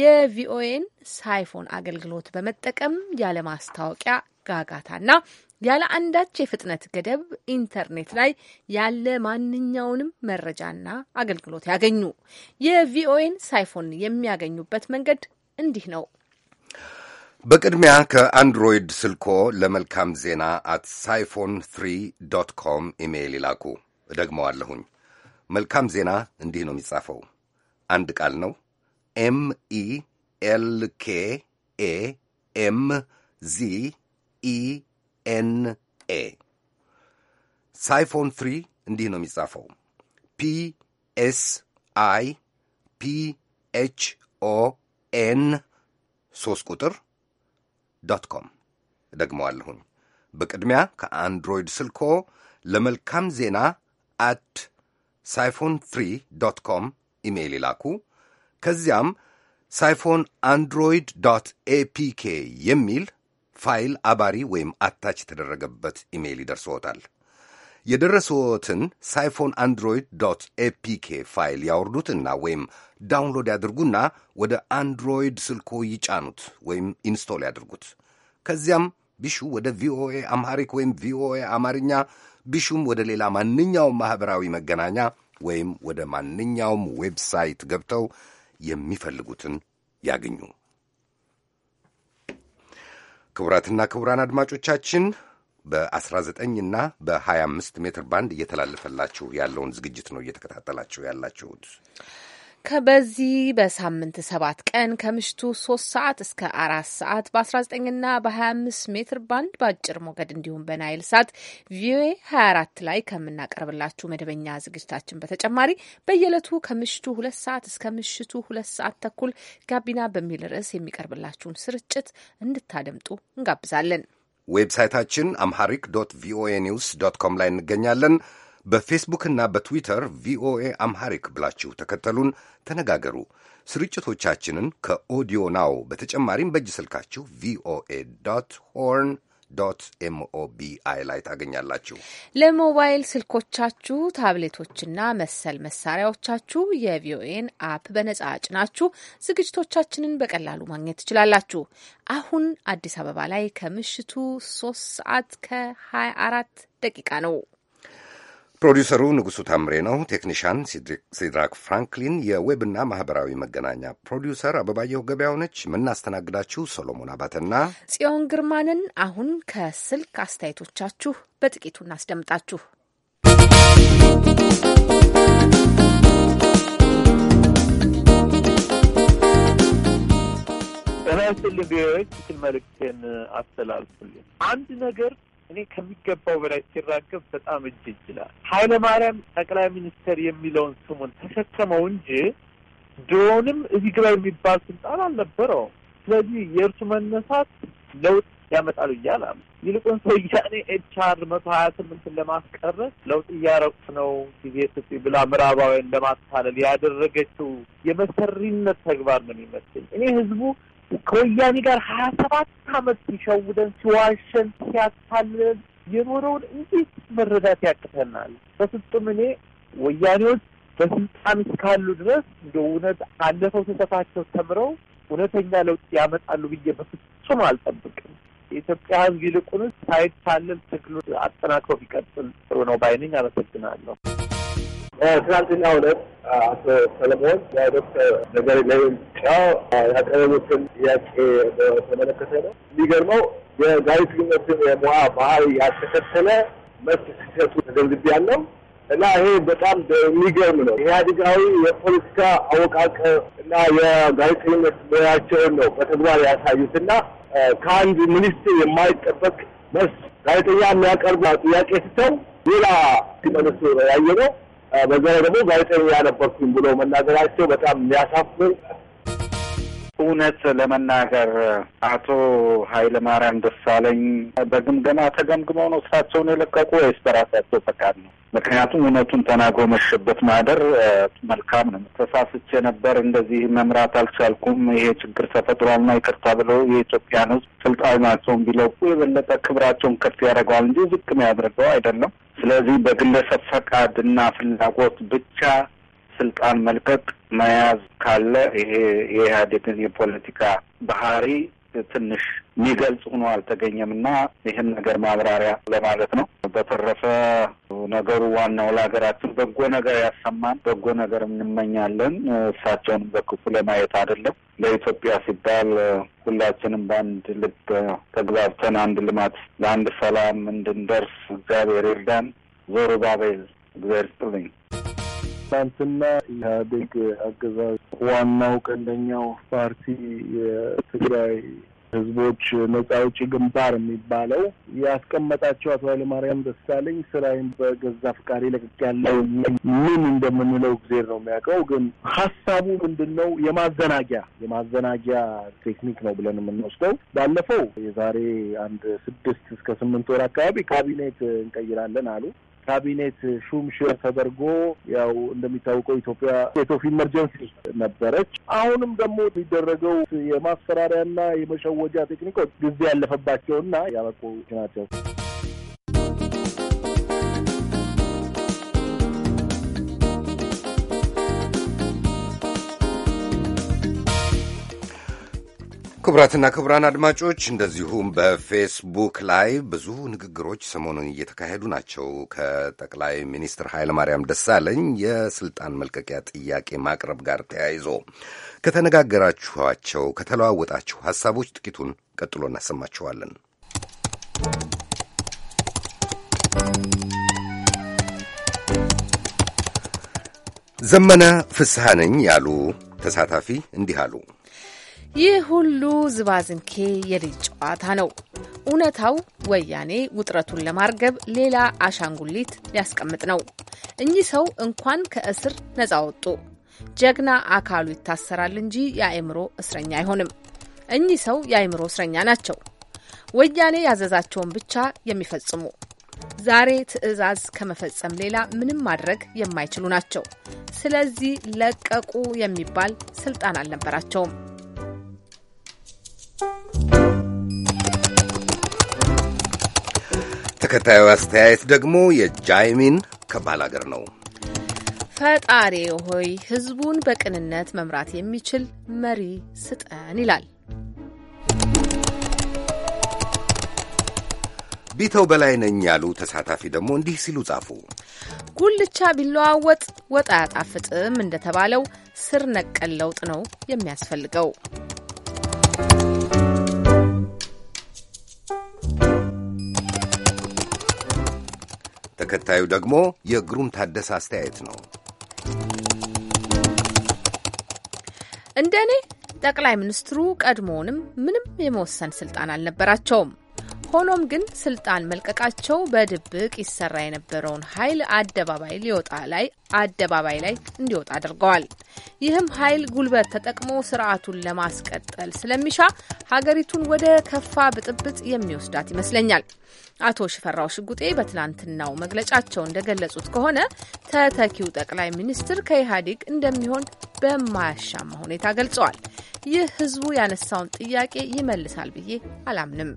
የቪኦኤን ሳይፎን አገልግሎት በመጠቀም ያለ ማስታወቂያ ጋጋታና ያለ አንዳች የፍጥነት ገደብ ኢንተርኔት ላይ ያለ ማንኛውንም መረጃና አገልግሎት ያገኙ። የቪኦኤን ሳይፎን የሚያገኙበት መንገድ እንዲህ ነው። በቅድሚያ ከአንድሮይድ ስልኮ ለመልካም ዜና አት ሳይፎን ትሪ ዶት ኮም ኢሜይል ይላኩ። እደግመዋለሁኝ። መልካም ዜና እንዲህ ነው የሚጻፈው። አንድ ቃል ነው። ኤም ኢ ኤል ኬ ኤ ኤም ዚ ኢ ኤን ኤ ሳይፎን ትሪ እንዲህ ነው የሚጻፈው። ፒ ኤስ አይ ፒ ኤች ኦ ኤን ሶስት ቁጥር ዶት ኮም እደግመዋለሁኝ። በቅድሚያ ከአንድሮይድ ስልኮ ለመልካም ዜና አት ሳይፎን ፍሪ ዶት ኮም ኢሜይል ይላኩ። ከዚያም ሳይፎን አንድሮይድ ዶት ኤፒኬ የሚል ፋይል አባሪ ወይም አታች የተደረገበት ኢሜይል ይደርስዎታል። የደረሰዎትን ሳይፎን አንድሮይድ ዶት ኤፒኬ ፋይል ያወርዱትና ወይም ዳውንሎድ ያድርጉና ወደ አንድሮይድ ስልኮ ይጫኑት ወይም ኢንስቶል ያድርጉት። ከዚያም ቢሹ ወደ ቪኦኤ አምሃሪክ ወይም ቪኦኤ አማርኛ ቢሹም ወደ ሌላ ማንኛውም ማኅበራዊ መገናኛ ወይም ወደ ማንኛውም ዌብሳይት ገብተው የሚፈልጉትን ያገኙ። ክቡራትና ክቡራን አድማጮቻችን በ19 እና በ25 ሜትር ባንድ እየተላለፈላችሁ ያለውን ዝግጅት ነው እየተከታተላችሁ ያላችሁት። ከበዚህ በሳምንት ሰባት ቀን ከምሽቱ ሶስት ሰዓት እስከ አራት ሰዓት በ19ና በ25 ሜትር ባንድ በአጭር ሞገድ እንዲሁም በናይል ሳት ቪኦኤ 24 ላይ ከምናቀርብላችሁ መደበኛ ዝግጅታችን በተጨማሪ በየዕለቱ ከምሽቱ ሁለት ሰዓት እስከ ምሽቱ ሁለት ሰዓት ተኩል ጋቢና በሚል ርዕስ የሚቀርብላችሁን ስርጭት እንድታደምጡ እንጋብዛለን። ዌብሳይታችን አምሐሪክ ዶት ቪኦኤ ኒውስ ዶት ኮም ላይ እንገኛለን። በፌስቡክና በትዊተር ቪኦኤ አምሐሪክ ብላችሁ ተከተሉን፣ ተነጋገሩ። ስርጭቶቻችንን ከኦዲዮ ናው በተጨማሪም በእጅ ስልካችሁ ቪኦኤ ዶት ሆርን ዶት ኤምኦቢአይ ላይ ታገኛላችሁ። ለሞባይል ስልኮቻችሁ ታብሌቶችና መሰል መሳሪያዎቻችሁ የቪኦኤን አፕ በነጻ ጭናችሁ ዝግጅቶቻችንን በቀላሉ ማግኘት ትችላላችሁ። አሁን አዲስ አበባ ላይ ከምሽቱ ሶስት ሰዓት ከ24 ደቂቃ ነው። ፕሮዲውሰሩ ንጉሡ ታምሬ ነው። ቴክኒሻን ሲድራክ ፍራንክሊን፣ የዌብና ማኅበራዊ መገናኛ ፕሮዲውሰር አበባየሁ ገበያው ነች። የምናስተናግዳችሁ ሶሎሞን አባተና ጽዮን ግርማንን። አሁን ከስልክ አስተያየቶቻችሁ በጥቂቱ እናስደምጣችሁ። ጤና ይስጥልኝ። ቪኦኤዎች መልእክቴን አስተላልፉልኝ። አንድ ነገር እኔ ከሚገባው በላይ ሲራገብ በጣም እጅ ይችላል። ኃይለ ማርያም ጠቅላይ ሚኒስተር የሚለውን ስሙን ተሸከመው እንጂ ድሮንም እዚህ ግባ የሚባል ስልጣን አልነበረውም። ስለዚህ የእርሱ መነሳት ለውጥ ያመጣሉ እያል አሉ። ይልቁን ሰያኔ ኤች አር መቶ ሀያ ስምንትን ለማስቀረት ለውጥ እያረቁ ነው ጊዜ ስጥ ብላ ምዕራባውያን ለማታለል ያደረገችው የመሰሪነት ተግባር ነው የሚመስል እኔ ህዝቡ ከወያኔ ጋር ሀያ ሰባት አመት ሲሸውደን ሲዋሸን ሲያታልለን የኖረውን እንዴት መረዳት ያቅተናል? በፍጹም እኔ ወያኔዎች በስልጣን እስካሉ ድረስ እንደ እውነት አለፈው ስህተታቸው ተምረው እውነተኛ ለውጥ ያመጣሉ ብዬ በፍጹም አልጠብቅም። የኢትዮጵያ ሕዝብ ይልቁንስ ሳይታለል ትግሉ አጠናክሮ ቢቀጥል ጥሩ ነው ባይነኝ። አመሰግናለሁ። Eh, ትናንትና ሁለት አቶ ሰለሞን ዶክተር ነገሪ ሌንጫው ያቀረቡትን ጥያቄ በተመለከተ ነው። የሚገርመው የጋዜጠኝነትን የሙያ ባህል ያልተከተለ መልስ ሲሰጡ ተገንዝቤያለሁ እና ይሄ በጣም የሚገርም ነው። ኢህአዴጋዊ የፖለቲካ አወቃቀር እና የጋዜጠኝነት ሙያቸውን ነው በተግባር ያሳዩት እና ከአንድ ሚኒስትር የማይጠበቅ መልስ ጋዜጠኛ የሚያቀርቡ ጥያቄ ስተው ሌላ ሲመልሱ ያየ ነው። በዛ ላይ ደግሞ ጋዜጠኛ ነበርኩኝ ብሎ መናገራቸው በጣም የሚያሳፍር እውነት ለመናገር አቶ ኃይለማርያም ደሳለኝ በግምገማ ተገምግመው ነው ስራቸውን የለቀቁ ወይስ በራሳቸው ፈቃድ ነው? ምክንያቱም እውነቱን ተናግሮ መሸበት ማደር መልካም ነው። ተሳስቼ ነበር፣ እንደዚህ መምራት አልቻልኩም፣ ይሄ ችግር ተፈጥሯልና ይቅርታ ብለው የኢትዮጵያን ሕዝብ ስልጣናቸውን ቢለቁ የበለጠ ክብራቸውን ከፍ ያደርገዋል እንጂ ዝቅም ያደርገው አይደለም። ስለዚህ በግለሰብ ፈቃድ እና ፍላጎት ብቻ ስልጣን መልቀቅ መያዝ ካለ ይሄ የኢህአዴግን የፖለቲካ ባህሪ ትንሽ የሚገልጽ ሆኖ አልተገኘም እና ይህን ነገር ማብራሪያ ለማለት ነው። በተረፈ ነገሩ ዋናው ለሀገራችን በጎ ነገር ያሰማን፣ በጎ ነገር እንመኛለን። እሳቸውንም በክፉ ለማየት አይደለም። ለኢትዮጵያ ሲባል ሁላችንም በአንድ ልብ ተግባብተን አንድ ልማት ለአንድ ሰላም እንድንደርስ እግዚአብሔር ይርዳን። ዞሩ ባቤል እግዚአብሔር ይስጥልኝ። ትናንትና ኢህአዴግ አገዛዝ ዋናው ቀንደኛው ፓርቲ የትግራይ ህዝቦች ነጻ አውጪ ግንባር የሚባለው ያስቀመጣቸው አቶ ኃይለማርያም ደሳለኝ ስራዬን በገዛ ለቅቅ ያለው ምን እንደምንለው ጊዜ ነው የሚያውቀው። ግን ሀሳቡ ምንድን ነው? የማዘናጊያ የማዘናጊያ ቴክኒክ ነው ብለን የምንወስደው። ባለፈው የዛሬ አንድ ስድስት እስከ ስምንት ወር አካባቢ ካቢኔት እንቀይራለን አሉ። ካቢኔት ሹም ሽር ተደርጎ ያው እንደሚታወቀው ኢትዮጵያ ስቴት ኦፍ ኢመርጀንሲ ነበረች። አሁንም ደግሞ የሚደረገው የማስፈራሪያና የመሸወጃ ቴክኒኮች ጊዜ ያለፈባቸውና ያበቁ ናቸው። ክቡራትና ክቡራን አድማጮች እንደዚሁም በፌስቡክ ላይ ብዙ ንግግሮች ሰሞኑን እየተካሄዱ ናቸው። ከጠቅላይ ሚኒስትር ኃይለማርያም ደሳለኝ የስልጣን መልቀቂያ ጥያቄ ማቅረብ ጋር ተያይዞ ከተነጋገራችኋቸው፣ ከተለዋወጣችሁ ሀሳቦች ጥቂቱን ቀጥሎ እናሰማችኋለን። ዘመነ ፍስሐ ነኝ ያሉ ተሳታፊ እንዲህ አሉ። ይህ ሁሉ ዝባዝንኬ የልጅ ጨዋታ ነው። እውነታው ወያኔ ውጥረቱን ለማርገብ ሌላ አሻንጉሊት ሊያስቀምጥ ነው። እኚህ ሰው እንኳን ከእስር ነፃ ወጡ። ጀግና አካሉ ይታሰራል እንጂ የአእምሮ እስረኛ አይሆንም። እኚህ ሰው የአእምሮ እስረኛ ናቸው። ወያኔ ያዘዛቸውን ብቻ የሚፈጽሙ ዛሬ ትዕዛዝ ከመፈጸም ሌላ ምንም ማድረግ የማይችሉ ናቸው። ስለዚህ ለቀቁ የሚባል ስልጣን አልነበራቸውም። ተከታዩ አስተያየት ደግሞ የጃይሚን ከማል አገር ነው። ፈጣሪ ሆይ ህዝቡን በቅንነት መምራት የሚችል መሪ ስጠን ይላል። ቢተው በላይ ነኝ ያሉ ተሳታፊ ደግሞ እንዲህ ሲሉ ጻፉ። ጉልቻ ቢለዋወጥ ወጥ አያጣፍጥም እንደተባለው ስር ነቀል ለውጥ ነው የሚያስፈልገው። ተከታዩ ደግሞ የግሩም ታደሰ አስተያየት ነው። እንደኔ ጠቅላይ ሚኒስትሩ ቀድሞውንም ምንም የመወሰን ስልጣን አልነበራቸውም። ሆኖም ግን ስልጣን መልቀቃቸው በድብቅ ይሰራ የነበረውን ኃይል አደባባይ ሊወጣ ላይ አደባባይ ላይ እንዲወጣ አድርገዋል። ይህም ኃይል ጉልበት ተጠቅሞ ስርዓቱን ለማስቀጠል ስለሚሻ ሀገሪቱን ወደ ከፋ ብጥብጥ የሚወስዳት ይመስለኛል። አቶ ሽፈራው ሽጉጤ በትናንትናው መግለጫቸው እንደገለጹት ከሆነ ተተኪው ጠቅላይ ሚኒስትር ከኢህአዴግ እንደሚሆን በማያሻማ ሁኔታ ገልጸዋል። ይህ ህዝቡ ያነሳውን ጥያቄ ይመልሳል ብዬ አላምንም።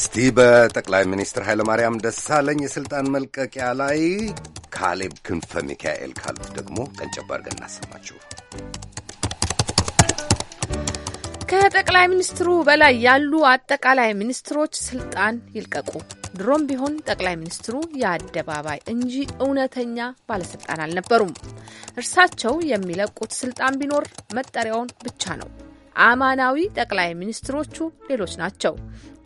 እስቲ በጠቅላይ ሚኒስትር ኃይለማርያም ደሳለኝ የሥልጣን መልቀቂያ ላይ ካሌብ ክንፈ ሚካኤል ካሉት ደግሞ ቀንጨብ እናሰማችሁ። ከጠቅላይ ሚኒስትሩ በላይ ያሉ አጠቃላይ ሚኒስትሮች ስልጣን ይልቀቁ። ድሮም ቢሆን ጠቅላይ ሚኒስትሩ የአደባባይ እንጂ እውነተኛ ባለስልጣን አልነበሩም። እርሳቸው የሚለቁት ስልጣን ቢኖር መጠሪያውን ብቻ ነው። አማናዊ ጠቅላይ ሚኒስትሮቹ ሌሎች ናቸው።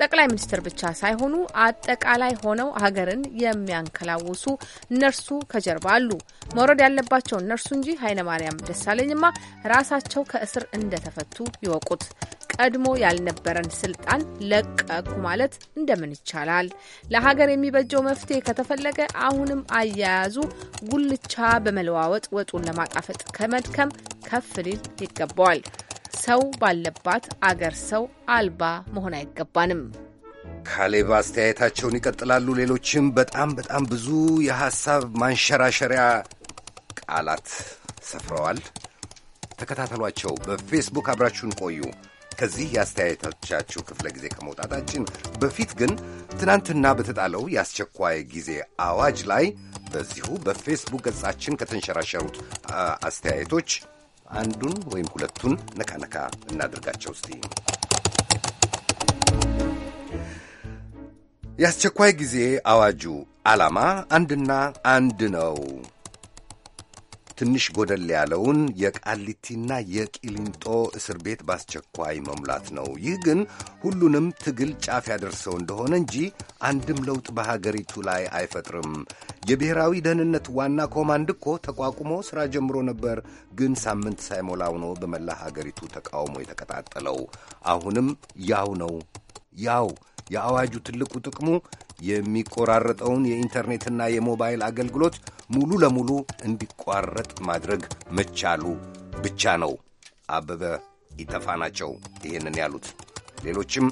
ጠቅላይ ሚኒስትር ብቻ ሳይሆኑ አጠቃላይ ሆነው ሀገርን የሚያንከላውሱ እነርሱ ከጀርባ አሉ። መውረድ ያለባቸው እነርሱ እንጂ ኃይለማርያም ደሳለኝማ ራሳቸው ከእስር እንደተፈቱ ይወቁት። ቀድሞ ያልነበረን ስልጣን ለቀኩ ማለት እንደምን ይቻላል? ለሀገር የሚበጀው መፍትሄ ከተፈለገ አሁንም አያያዙ ጉልቻ በመለዋወጥ ወጡን ለማጣፈጥ ከመድከም ከፍ ሊል ይገባዋል። ሰው ባለባት አገር ሰው አልባ መሆን አይገባንም። ካሌብ አስተያየታቸውን ይቀጥላሉ። ሌሎችም በጣም በጣም ብዙ የሐሳብ ማንሸራሸሪያ ቃላት ሰፍረዋል። ተከታተሏቸው። በፌስቡክ አብራችሁን ቆዩ። ከዚህ የአስተያየቶቻችሁ ክፍለ ጊዜ ከመውጣታችን በፊት ግን ትናንትና በተጣለው የአስቸኳይ ጊዜ አዋጅ ላይ በዚሁ በፌስቡክ ገጻችን ከተንሸራሸሩት አስተያየቶች አንዱን ወይም ሁለቱን ነካነካ እናድርጋቸው እስቲ። የአስቸኳይ ጊዜ አዋጁ ዓላማ አንድና አንድ ነው። ትንሽ ጎደል ያለውን የቃሊቲና የቂሊንጦ እስር ቤት በአስቸኳይ መሙላት ነው። ይህ ግን ሁሉንም ትግል ጫፍ ያደርሰው እንደሆነ እንጂ አንድም ለውጥ በሀገሪቱ ላይ አይፈጥርም። የብሔራዊ ደህንነት ዋና ኮማንድ እኮ ተቋቁሞ ሥራ ጀምሮ ነበር፣ ግን ሳምንት ሳይሞላው ነው በመላ ሀገሪቱ ተቃውሞ የተቀጣጠለው። አሁንም ያው ነው ያው የአዋጁ ትልቁ ጥቅሙ የሚቆራረጠውን የኢንተርኔትና የሞባይል አገልግሎት ሙሉ ለሙሉ እንዲቋረጥ ማድረግ መቻሉ ብቻ ነው። አበበ ይተፋ ናቸው ይህንን ያሉት። ሌሎችም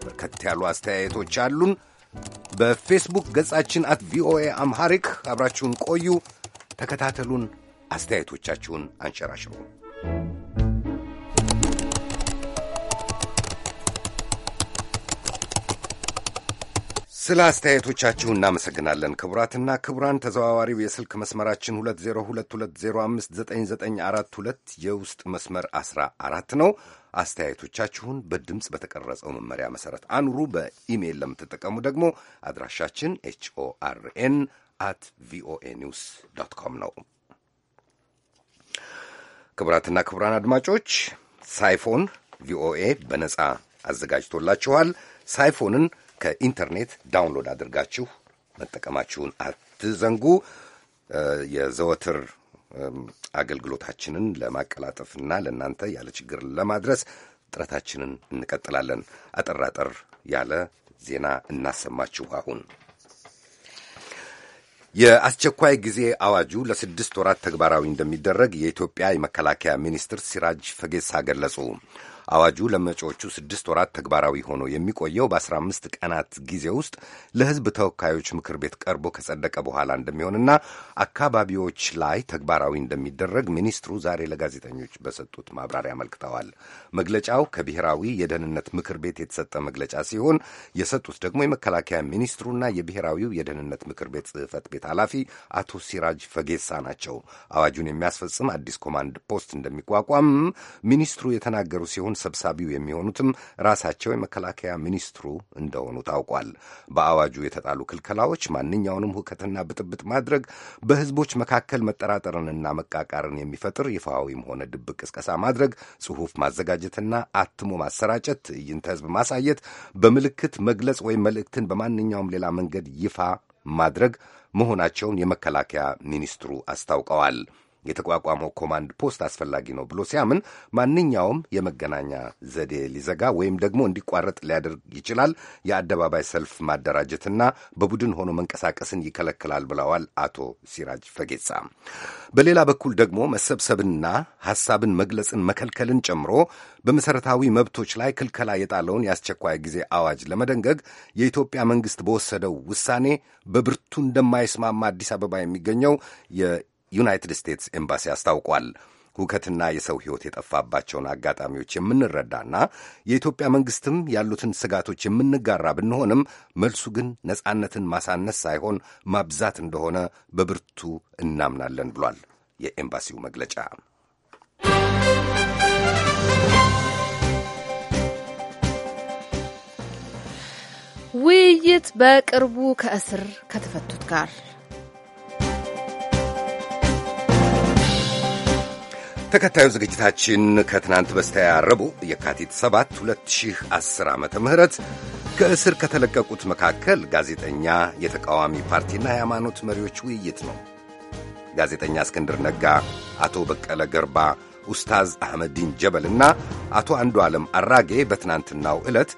በርከት ያሉ አስተያየቶች አሉን። በፌስቡክ ገጻችን አት ቪኦኤ አምሃሪክ አብራችሁን ቆዩ፣ ተከታተሉን፣ አስተያየቶቻችሁን አንሸራሽሩ። ስለ አስተያየቶቻችሁ እናመሰግናለን። ክቡራትና ክቡራን ተዘዋዋሪው የስልክ መስመራችን 2022059942 የውስጥ መስመር 14 ነው። አስተያየቶቻችሁን በድምፅ በተቀረጸው መመሪያ መሰረት አኑሩ። በኢሜይል ለምትጠቀሙ ደግሞ አድራሻችን ኤች ኦ አር ኤን አት ቪኦኤ ኒውስ ዶት ኮም ነው። ክቡራትና ክቡራን አድማጮች ሳይፎን ቪኦኤ በነጻ አዘጋጅቶላችኋል። ሳይፎንን ከኢንተርኔት ዳውንሎድ አድርጋችሁ መጠቀማችሁን አትዘንጉ። የዘወትር አገልግሎታችንን ለማቀላጠፍና ለእናንተ ያለ ችግር ለማድረስ ጥረታችንን እንቀጥላለን። አጠር አጠር ያለ ዜና እናሰማችሁ። አሁን የአስቸኳይ ጊዜ አዋጁ ለስድስት ወራት ተግባራዊ እንደሚደረግ የኢትዮጵያ የመከላከያ ሚኒስትር ሲራጅ ፈጌሳ ገለጹ። አዋጁ ለመጪዎቹ ስድስት ወራት ተግባራዊ ሆኖ የሚቆየው በአስራ አምስት ቀናት ጊዜ ውስጥ ለሕዝብ ተወካዮች ምክር ቤት ቀርቦ ከጸደቀ በኋላ እንደሚሆንና አካባቢዎች ላይ ተግባራዊ እንደሚደረግ ሚኒስትሩ ዛሬ ለጋዜጠኞች በሰጡት ማብራሪያ አመልክተዋል። መግለጫው ከብሔራዊ የደህንነት ምክር ቤት የተሰጠ መግለጫ ሲሆን የሰጡት ደግሞ የመከላከያ ሚኒስትሩና የብሔራዊው የደህንነት ምክር ቤት ጽህፈት ቤት ኃላፊ አቶ ሲራጅ ፈጌሳ ናቸው። አዋጁን የሚያስፈጽም አዲስ ኮማንድ ፖስት እንደሚቋቋም ሚኒስትሩ የተናገሩ ሲሆን አሁን ሰብሳቢው የሚሆኑትም ራሳቸው የመከላከያ ሚኒስትሩ እንደሆኑ ታውቋል። በአዋጁ የተጣሉ ክልከላዎች ማንኛውንም ሁከትና ብጥብጥ ማድረግ፣ በህዝቦች መካከል መጠራጠርንና መቃቃርን የሚፈጥር ይፋዊም ሆነ ድብቅ ቅስቀሳ ማድረግ፣ ጽሑፍ ማዘጋጀትና አትሞ ማሰራጨት፣ ትዕይንተ ህዝብ ማሳየት፣ በምልክት መግለጽ ወይም መልእክትን በማንኛውም ሌላ መንገድ ይፋ ማድረግ መሆናቸውን የመከላከያ ሚኒስትሩ አስታውቀዋል። የተቋቋመው ኮማንድ ፖስት አስፈላጊ ነው ብሎ ሲያምን ማንኛውም የመገናኛ ዘዴ ሊዘጋ ወይም ደግሞ እንዲቋረጥ ሊያደርግ ይችላል። የአደባባይ ሰልፍ ማደራጀትና በቡድን ሆኖ መንቀሳቀስን ይከለክላል ብለዋል አቶ ሲራጅ ፈጌሳ። በሌላ በኩል ደግሞ መሰብሰብና ሐሳብን መግለጽን መከልከልን ጨምሮ በመሠረታዊ መብቶች ላይ ክልከላ የጣለውን የአስቸኳይ ጊዜ አዋጅ ለመደንገግ የኢትዮጵያ መንግሥት በወሰደው ውሳኔ በብርቱ እንደማይስማማ አዲስ አበባ የሚገኘው ዩናይትድ ስቴትስ ኤምባሲ አስታውቋል። ሁከትና የሰው ሕይወት የጠፋባቸውን አጋጣሚዎች የምንረዳና የኢትዮጵያ መንግሥትም ያሉትን ስጋቶች የምንጋራ ብንሆንም መልሱ ግን ነጻነትን ማሳነስ ሳይሆን ማብዛት እንደሆነ በብርቱ እናምናለን ብሏል የኤምባሲው መግለጫ። ውይይት በቅርቡ ከእስር ከተፈቱት ጋር ተከታዩ ዝግጅታችን ከትናንት በስቲያ ረቡዕ የካቲት 7 2010 ዓ ም ከእስር ከተለቀቁት መካከል ጋዜጠኛ፣ የተቃዋሚ ፓርቲና የሃይማኖት መሪዎች ውይይት ነው። ጋዜጠኛ እስክንድር ነጋ፣ አቶ በቀለ ገርባ፣ ኡስታዝ አህመዲን ጀበል እና አቶ አንዱ ዓለም አራጌ በትናንትናው ዕለት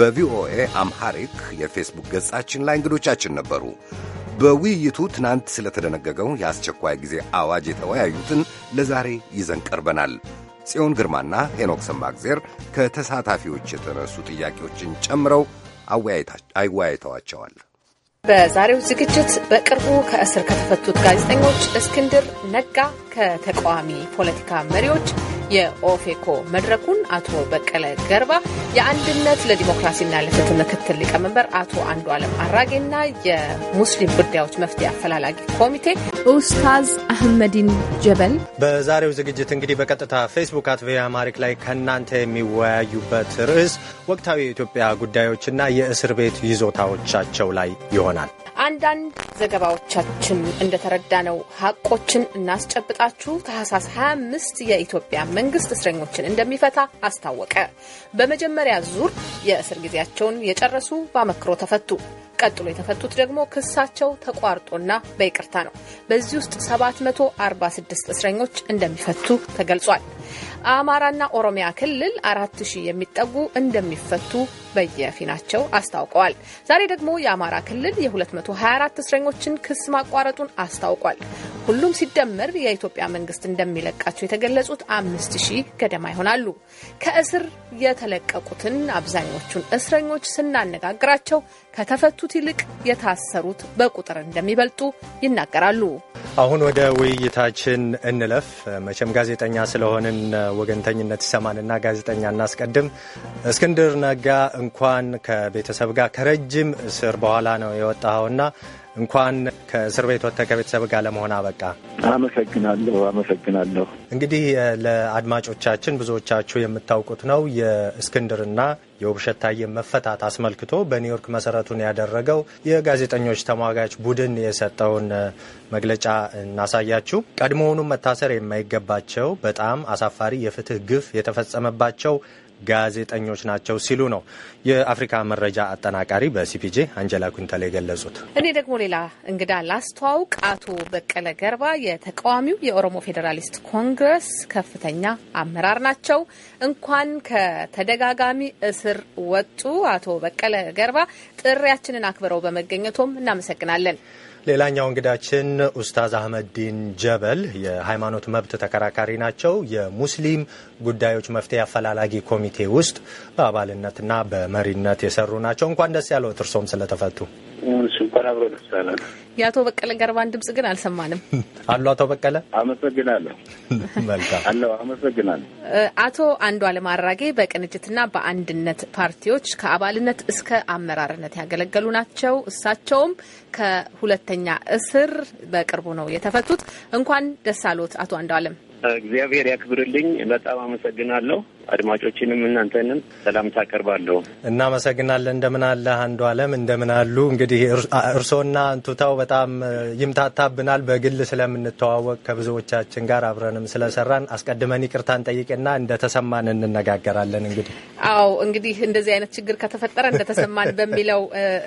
በቪኦኤ አምሐሪክ የፌስቡክ ገጻችን ላይ እንግዶቻችን ነበሩ። በውይይቱ ትናንት ስለተደነገገው የአስቸኳይ ጊዜ አዋጅ የተወያዩትን ለዛሬ ይዘን ቀርበናል። ጽዮን ግርማና ሄኖክ ሰማግዜር ከተሳታፊዎች የተነሱ ጥያቄዎችን ጨምረው አወያይተዋቸዋል። በዛሬው ዝግጅት በቅርቡ ከእስር ከተፈቱት ጋዜጠኞች እስክንድር ነጋ ከተቃዋሚ ፖለቲካ መሪዎች የኦፌኮ መድረኩን አቶ በቀለ ገርባ፣ የአንድነት ለዲሞክራሲና ለፍትህ ምክትል ሊቀመንበር አቶ አንዱ አለም አራጌና የሙስሊም ጉዳዮች መፍትሄ አፈላላጊ ኮሚቴ ኡስታዝ አህመዲን ጀበል በዛሬው ዝግጅት እንግዲህ በቀጥታ ፌስቡክ አት አማሪክ ላይ ከእናንተ የሚወያዩበት ርዕስ ወቅታዊ የኢትዮጵያ ጉዳዮችና የእስር ቤት ይዞታዎቻቸው ላይ ይሆናል። አንዳንድ ዘገባዎቻችን እንደተረዳ ነው ሀቆችን እናስጨብጣችሁ ታህሳስ 25 የኢትዮጵያ መንግስት እስረኞችን እንደሚፈታ አስታወቀ። በመጀመሪያ ዙር የእስር ጊዜያቸውን የጨረሱ በአመክሮ ተፈቱ። ቀጥሎ የተፈቱት ደግሞ ክሳቸው ተቋርጦና በይቅርታ ነው። በዚህ ውስጥ 746 እስረኞች እንደሚፈቱ ተገልጿል። አማራና ኦሮሚያ ክልል አራት ሺህ የሚጠጉ እንደሚፈቱ በየፊናቸው አስታውቀዋል። ዛሬ ደግሞ የአማራ ክልል የ224 እስረኞችን ክስ ማቋረጡን አስታውቋል። ሁሉም ሲደመር የኢትዮጵያ መንግስት እንደሚለቃቸው የተገለጹት አምስት ሺህ ገደማ ይሆናሉ። ከእስር የተለቀቁትን አብዛኞቹን እስረኞች ስናነጋግራቸው ከተፈቱት ይልቅ የታሰሩት በቁጥር እንደሚበልጡ ይናገራሉ። አሁን ወደ ውይይታችን እንለፍ። መቼም ጋዜጠኛ ስለሆንን ወገንተኝነት ይሰማንና ጋዜጠኛ እናስቀድም። እስክንድር ነጋ እንኳን ከቤተሰብ ጋር ከረጅም እስር በኋላ ነው የወጣኸውና እንኳን ከእስር ቤት ወጥተህ ከቤተሰብ ጋር ለመሆን አበቃ። አመሰግናለሁ። አመሰግናለሁ። እንግዲህ ለአድማጮቻችን ብዙዎቻችሁ የምታውቁት ነው የእስክንድርና የውብሸት መፈታት አስመልክቶ በኒውዮርክ መሰረቱን ያደረገው የጋዜጠኞች ተሟጋች ቡድን የሰጠውን መግለጫ እናሳያችሁ። ቀድሞውኑ መታሰር የማይገባቸው በጣም አሳፋሪ የፍትህ ግፍ የተፈጸመባቸው ጋዜጠኞች ናቸው ሲሉ ነው የአፍሪካ መረጃ አጠናቃሪ በሲፒጄ አንጀላ ኩንተላ የገለጹት። እኔ ደግሞ ሌላ እንግዳ ላስተዋውቅ። አቶ በቀለ ገርባ የተቃዋሚው የኦሮሞ ፌዴራሊስት ኮንግረስ ከፍተኛ አመራር ናቸው። እንኳን ከተደጋጋሚ እስር ወጡ። አቶ በቀለ ገርባ ጥሪያችንን አክብረው በመገኘቶም እናመሰግናለን። ሌላኛው እንግዳችን ኡስታዝ አህመድዲን ጀበል የሃይማኖት መብት ተከራካሪ ናቸው። የሙስሊም ጉዳዮች መፍትሄ አፈላላጊ ኮሚቴ ውስጥ በአባልነትና በመሪነት የሰሩ ናቸው። እንኳን ደስ ያለው እርሶም ስለተፈቱ። የአቶ በቀለ ገርባን ድምጽ ግን አልሰማንም [laughs] አሉ። አቶ በቀለ አመሰግናለሁ። [laughs] መልካም አመሰግናለሁ። አቶ አንዱ አለም አራጌ በቅንጅትና በአንድነት ፓርቲዎች ከአባልነት እስከ አመራርነት ያገለገሉ ናቸው። እሳቸውም ከሁለተኛ እስር በቅርቡ ነው የተፈቱት። እንኳን ደስ አሎት አቶ አንዱ አለም። እግዚአብሔር ያክብርልኝ። በጣም አመሰግናለሁ። አድማጮችንም እናንተንም ሰላምታ አቀርባለሁ። እናመሰግናለን። እንደምን አለ አንዱ አለም እንደምን አሉ? እንግዲህ እርሶና እንቱታው በጣም ይምታታብናል። በግል ስለምንተዋወቅ ከብዙዎቻችን ጋር አብረንም ስለሰራን አስቀድመን ይቅርታን ጠይቅና እንደተሰማን እንነጋገራለን። እንግዲህ አዎ፣ እንግዲህ እንደዚህ አይነት ችግር ከተፈጠረ እንደተሰማን [laughs] በሚለው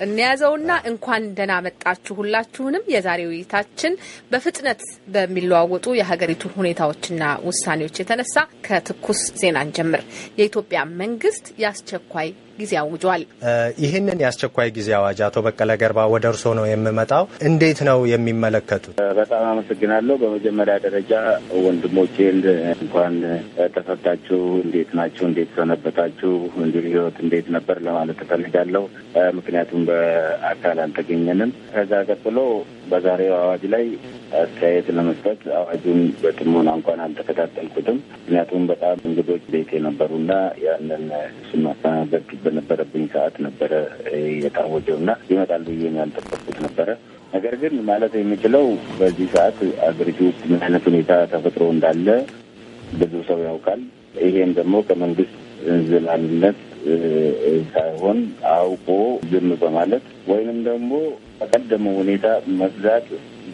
እንያዘውና እንኳን ደህና መጣችሁ ሁላችሁንም። የዛሬ ውይይታችን በፍጥነት በሚለዋወጡ የሀገሪቱ ሁኔታዎችና ውሳኔዎች የተነሳ ከትኩስ ዜና እንጀምራለን። እንዲጀምር የኢትዮጵያ መንግስት የአስቸኳይ ጊዜ አውጇል። ይህንን የአስቸኳይ ጊዜ አዋጅ አቶ በቀለ ገርባ ወደ እርሶ ነው የምመጣው። እንዴት ነው የሚመለከቱት? በጣም አመሰግናለሁ። በመጀመሪያ ደረጃ ወንድሞቼ እንኳን ተፈታችሁ፣ እንዴት ናችሁ፣ እንዴት ሰነበታችሁ፣ እንዲሁ ህይወት እንዴት ነበር ለማለት እፈልጋለሁ። ምክንያቱም በአካል አልተገኘንም። ከዛ ቀጥሎ በዛሬው አዋጅ ላይ አስተያየት ለመስጠት አዋጁን በጥሞና እንኳን አልተከታተልኩትም። ምክንያቱም በጣም እንግዶች ቤቴ የነበሩና ያንን ስናስተናገድ በነበረብኝ ሰዓት ነበረ የታወጀው እና ይመጣል ብዬ ያልጠበቁት ነበረ። ነገር ግን ማለት የሚችለው በዚህ ሰዓት አገሪቱ ውስጥ ምን አይነት ሁኔታ ተፈጥሮ እንዳለ ብዙ ሰው ያውቃል። ይሄም ደግሞ ከመንግስት እንዝላልነት ሳይሆን አውቆ ዝም በማለት ወይንም ደግሞ በቀደመ ሁኔታ መግዛት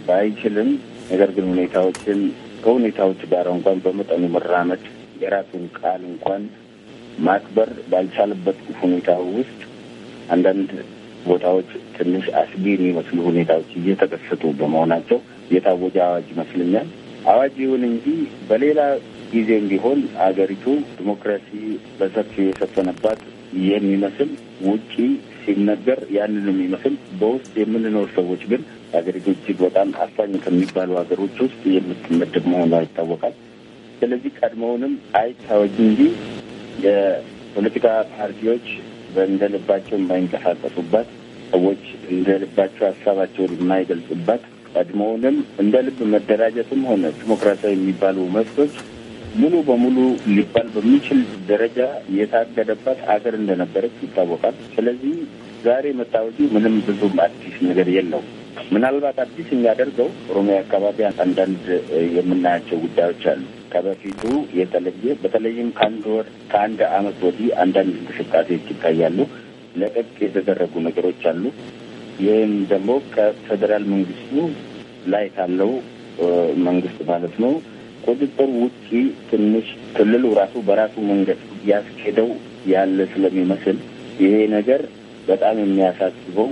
ባይችልም ነገር ግን ሁኔታዎችን ከሁኔታዎች ጋር እንኳን በመጠኑ መራመድ የራሱን ቃል እንኳን ማክበር ባልቻለበት ሁኔታ ውስጥ አንዳንድ ቦታዎች ትንሽ አስጊ የሚመስሉ ሁኔታዎች እየተከሰቱ በመሆናቸው የታወጀ አዋጅ ይመስለኛል። አዋጅ ይሁን እንጂ በሌላ ጊዜም ቢሆን አገሪቱ ዲሞክራሲ በሰፊው የሰፈነባት የሚመስል ውጪ ሲነገር ያንን የሚመስል በውስጥ የምንኖር ሰዎች ግን አገሪቱ እጅግ በጣም አፋኝ ከሚባሉ ሀገሮች ውስጥ የምትመደብ መሆኗ ይታወቃል። ስለዚህ ቀድሞውንም አይ ታወጅ እንጂ የፖለቲካ ፓርቲዎች እንደ ልባቸው የማይንቀሳቀሱበት፣ ሰዎች እንደ ልባቸው ሀሳባቸውን የማይገልጹበት፣ ቀድሞውንም እንደ ልብ መደራጀትም ሆነ ዲሞክራሲያዊ የሚባሉ መብቶች ሙሉ በሙሉ ሊባል በሚችል ደረጃ የታገደበት አገር እንደነበረች ይታወቃል። ስለዚህ ዛሬ መታወቂ ምንም ብዙም አዲስ ነገር የለውም። ምናልባት አዲስ የሚያደርገው ኦሮሚያ አካባቢ አንዳንድ የምናያቸው ጉዳዮች አሉ። ከበፊቱ የተለየ በተለይም ከአንድ ወር ከአንድ አመት ወዲህ አንዳንድ እንቅስቃሴዎች ይታያሉ። ለቀቅ የተደረጉ ነገሮች አሉ። ይህም ደግሞ ከፌዴራል መንግስቱ ላይ ካለው መንግስት ማለት ነው ቁጥጥር ውጪ ትንሽ ክልሉ ራሱ በራሱ መንገድ ያስኬደው ያለ ስለሚመስል ይሄ ነገር በጣም የሚያሳስበው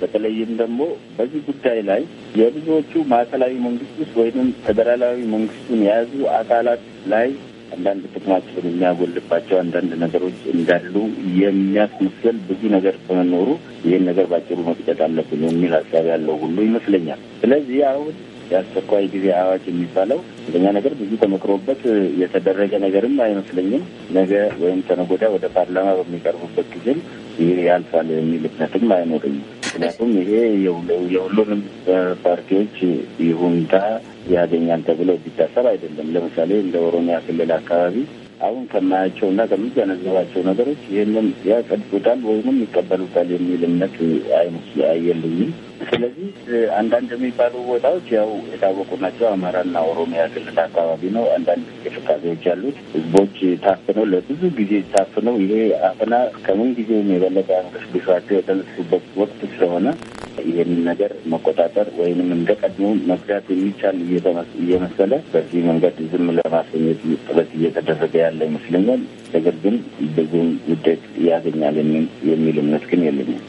በተለይም ደግሞ በዚህ ጉዳይ ላይ የብዙዎቹ ማዕከላዊ መንግስት ውስጥ ወይም ፌዴራላዊ መንግስቱን የያዙ አካላት ላይ አንዳንድ ጥቅማቸውን የሚያጎልባቸው አንዳንድ ነገሮች እንዳሉ የሚያስመስል ብዙ ነገር በመኖሩ ይህን ነገር ባጭሩ መቅጨት አለብን የሚል ሀሳብ ያለው ሁሉ ይመስለኛል። ስለዚህ አሁን የአስቸኳይ ጊዜ አዋጅ የሚባለው አንደኛ ነገር ብዙ ተመክሮበት የተደረገ ነገርም አይመስለኝም። ነገ ወይም ተነጎዳ ወደ ፓርላማ በሚቀርቡበት ጊዜም ይህ ያልፋል የሚል እምነትም አይኖረኝም። ምክንያቱም ይሄ የሁሉንም ፓርቲዎች ይሁንታ ያገኛል ተብሎ ቢታሰብ አይደለም። ለምሳሌ እንደ ኦሮሚያ ክልል አካባቢ አሁን ከማያቸው እና ከሚገነዘባቸው ነገሮች ይህንን ያጸድቁታል ወይም ይቀበሉታል የሚል እምነት አይነት አየልኝም። ስለዚህ አንዳንድ የሚባሉ ቦታዎች ያው የታወቁ ናቸው። አማራና ኦሮሚያ ክልል አካባቢ ነው አንዳንድ እንቅስቃሴዎች ያሉት ህዝቦች ታፍነው ለብዙ ጊዜ ታፍነው ይሄ አፍና ከምን ጊዜውም የበለጠ አንቀሳቅሷቸው የተነሱበት ወቅት ስለሆነ ይህንን ነገር መቆጣጠር ወይንም እንደ ቀድሞ መግዳት የሚቻል እየመሰለ በዚህ መንገድ ዝም ለማሰኘት ጥረት እየተደረገ ያለ ይመስለኛል። ነገር ግን ብዙም ውጤት ያገኛል የሚል እምነት ግን የለኝም።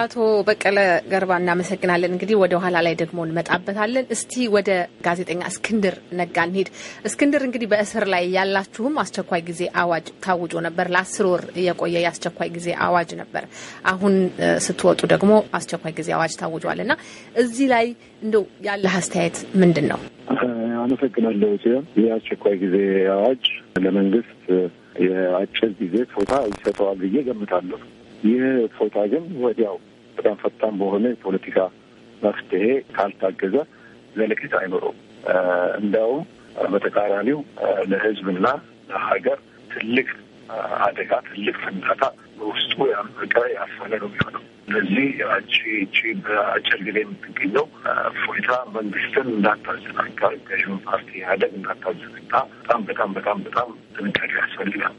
አቶ በቀለ ገርባ እናመሰግናለን። እንግዲህ ወደ ኋላ ላይ ደግሞ እንመጣበታለን። እስቲ ወደ ጋዜጠኛ እስክንድር ነጋ እንሄድ። እስክንድር እንግዲህ በእስር ላይ ያላችሁም አስቸኳይ ጊዜ አዋጅ ታውጆ ነበር። ለአስር ወር የቆየ የአስቸኳይ ጊዜ አዋጅ ነበር። አሁን ስትወጡ ደግሞ አስቸኳይ ጊዜ አዋጅ ታውጇል እና እዚህ ላይ እንደው ያለህ አስተያየት ምንድን ነው? አመሰግናለሁ ሲሆን የአስቸኳይ ጊዜ አዋጅ ለመንግስት የአጭር ጊዜ ፎታ ይሰጠዋል ብዬ ገምታለሁ። ይህ ፎታ ግን ወዲያው በጣም ፈጣን በሆነ የፖለቲካ መፍትሄ ካልታገዘ ዘለቂት አይኖረውም። እንዲያውም በተቃራኒው ለሕዝብና ለሀገር ትልቅ አደጋ፣ ትልቅ ፍንዳታ በውስጡ ያመቀ ያፈነ ነው የሚሆነው። ስለዚህ አቺ ቺ በአጭር ጊዜ የምትገኘው ፎይታ መንግስትን እንዳታዘናጋ፣ ገዥውን ፓርቲ ኢህአዴግ እንዳታዘናጋ በጣም በጣም በጣም በጣም ጥንቃቄ ያስፈልጋል።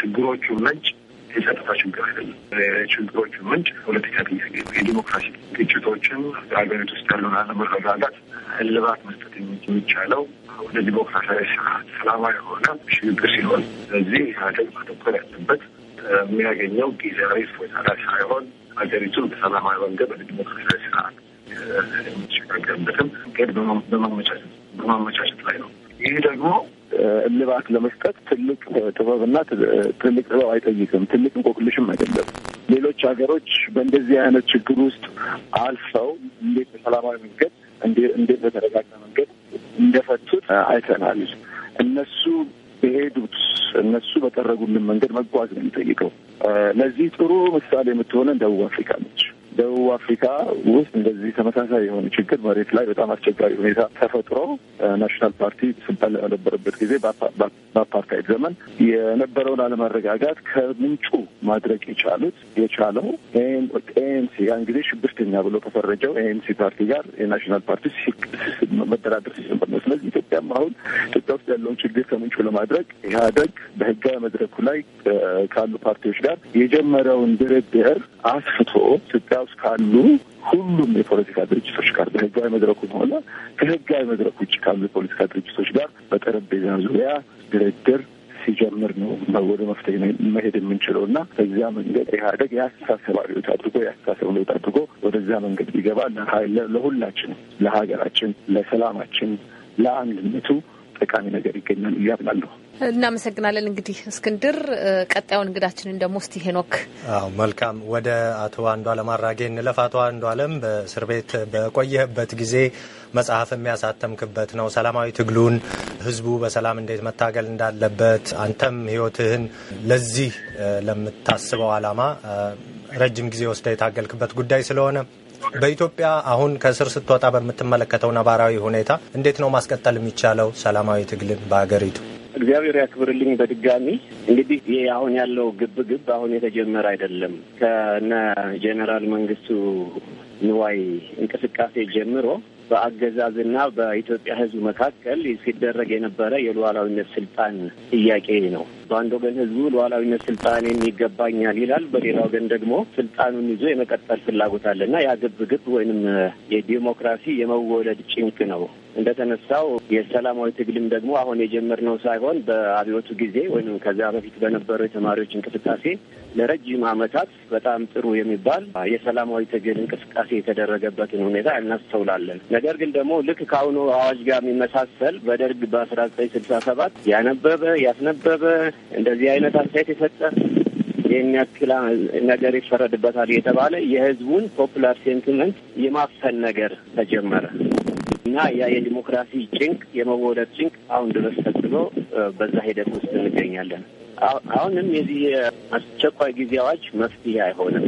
ችግሮቹ ምንጭ የጸጥታ ችግር አይደለም። የችግሮች ምንጭ ፖለቲካ ጥያቄ፣ የዲሞክራሲ ግጭቶችን ሀገሪቱ ውስጥ ያለውን አለመረጋጋት እልባት መስጠት የሚቻለው ወደ ዲሞክራሲያዊ ስርዓት ሰላማዊ የሆነ ሽግግር ሲሆን፣ ስለዚህ ሀገር ማተኮር ያለበት የሚያገኘው ጊዜያዊ ፎታ ላይ ሳይሆን ሀገሪቱ በሰላማዊ መንገድ ወደ ዲሞክራሲያዊ ስርዓት የሚሸጋገርበትም ገድ በማመቻቸት ላይ ነው። ይህ ደግሞ እልባት ለመስጠት ትልቅ ጥበብና ትልቅ ጥበብ አይጠይቅም። ትልቅ እንቆቅልሽም አይደለም። ሌሎች ሀገሮች በእንደዚህ አይነት ችግር ውስጥ አልፈው እንዴት በሰላማዊ መንገድ እንዴት በተረጋጋ መንገድ እንደፈቱት አይተናል። እነሱ በሄዱት እነሱ በጠረጉልን መንገድ መጓዝ ነው የሚጠይቀው። ለዚህ ጥሩ ምሳሌ የምትሆነ ደቡብ አፍሪካ ነች። ደቡብ አፍሪካ ውስጥ እንደዚህ ተመሳሳይ የሆነ ችግር መሬት ላይ በጣም አስቸጋሪ ሁኔታ ተፈጥሮ ናሽናል ፓርቲ ስልጣን ለነበረበት ጊዜ በአፓርታይድ ዘመን የነበረውን አለመረጋጋት ከምንጩ ማድረግ የቻሉት የቻለው ኤኤንሲ ያን ጊዜ ሽብርተኛ ብሎ ከፈረጀው ኤኤንሲ ፓርቲ ጋር የናሽናል ፓርቲ መደራደር ሲጀምር ነው። ስለዚህ ኢትዮጵያም አሁን ኢትዮጵያ ውስጥ ያለውን ችግር ከምንጩ ለማድረግ ኢህአደግ በህጋዊ መድረኩ ላይ ካሉ ፓርቲዎች ጋር የጀመረውን ድርድር አስፍቶ ኢትዮጵያ ውስጥ ካሉ ሁሉም የፖለቲካ ድርጅቶች ጋር በህጋዊ መድረኩ ሆነ ከህጋዊ መድረክ ውጭ ካሉ የፖለቲካ ድርጅቶች ጋር በጠረጴዛ ዙሪያ ድርድር ሲጀምር ነው ወደ መፍትሄ መሄድ የምንችለው እና በዚያ መንገድ ኢህአደግ የአስተሳሰብ አብዮት አድርጎ የአስተሳሰብ ለውጥ አድርጎ ወደዚያ መንገድ ቢገባ ለሁላችን፣ ለሀገራችን፣ ለሰላማችን፣ ለአንድነቱ ጠቃሚ ነገር ይገኛል ብዬ እናመሰግናለን። እንግዲህ እስክንድር፣ ቀጣዩን እንግዳችንን ደግሞ እስቲ ሄኖክ። አዎ መልካም፣ ወደ አቶ አንዱ አለም አራጌ እንለፍ። አቶ አንዱ አለም በእስር ቤት በቆየህበት ጊዜ መጽሐፍ የሚያሳተምክበት ነው። ሰላማዊ ትግሉን ህዝቡ በሰላም እንዴት መታገል እንዳለበት አንተም ህይወትህን ለዚህ ለምታስበው አላማ ረጅም ጊዜ ወስደ የታገልክበት ጉዳይ ስለሆነ በኢትዮጵያ አሁን ከእስር ስትወጣ በምትመለከተው ነባራዊ ሁኔታ እንዴት ነው ማስቀጠል የሚቻለው ሰላማዊ ትግልን በሀገሪቱ? እግዚአብሔር ያክብርልኝ። በድጋሚ እንግዲህ ይህ አሁን ያለው ግብ ግብ አሁን የተጀመረ አይደለም። ከነ ጄኔራል መንግስቱ ንዋይ እንቅስቃሴ ጀምሮ በአገዛዝና በኢትዮጵያ ሕዝብ መካከል ሲደረግ የነበረ የሉዓላዊነት ስልጣን ጥያቄ ነው። በአንድ ወገን ህዝቡ ሉዓላዊነት ስልጣኔን ይገባኛል ይላል፣ በሌላ ወገን ደግሞ ስልጣኑን ይዞ የመቀጠል ፍላጎት አለና ያ ግብግብ ወይንም የዲሞክራሲ የመወለድ ጭንቅ ነው። እንደተነሳው የሰላማዊ ትግልም ደግሞ አሁን የጀመርነው ሳይሆን በአብዮቱ ጊዜ ወይም ከዚያ በፊት በነበረው የተማሪዎች እንቅስቃሴ ለረጅም ዓመታት በጣም ጥሩ የሚባል የሰላማዊ ትግል እንቅስቃሴ የተደረገበትን ሁኔታ እናስተውላለን። ነገር ግን ደግሞ ልክ ከአሁኑ አዋጅ ጋር የሚመሳሰል በደርግ በአስራ ዘጠኝ ስልሳ ሰባት ያነበበ ያስነበበ እንደዚህ አይነት አስተያየት የሰጠ ይህን ያክል ነገር ይፈረድበታል የተባለ የህዝቡን ፖፑላር ሴንቲመንት የማፈን ነገር ተጀመረ እና ያ የዲሞክራሲ ጭንቅ የመወለድ ጭንቅ አሁን ድረስ ተጥሎ በዛ ሂደት ውስጥ እንገኛለን። አሁንም የዚህ አስቸኳይ ጊዜ አዋጅ መፍትሄ አይሆንም።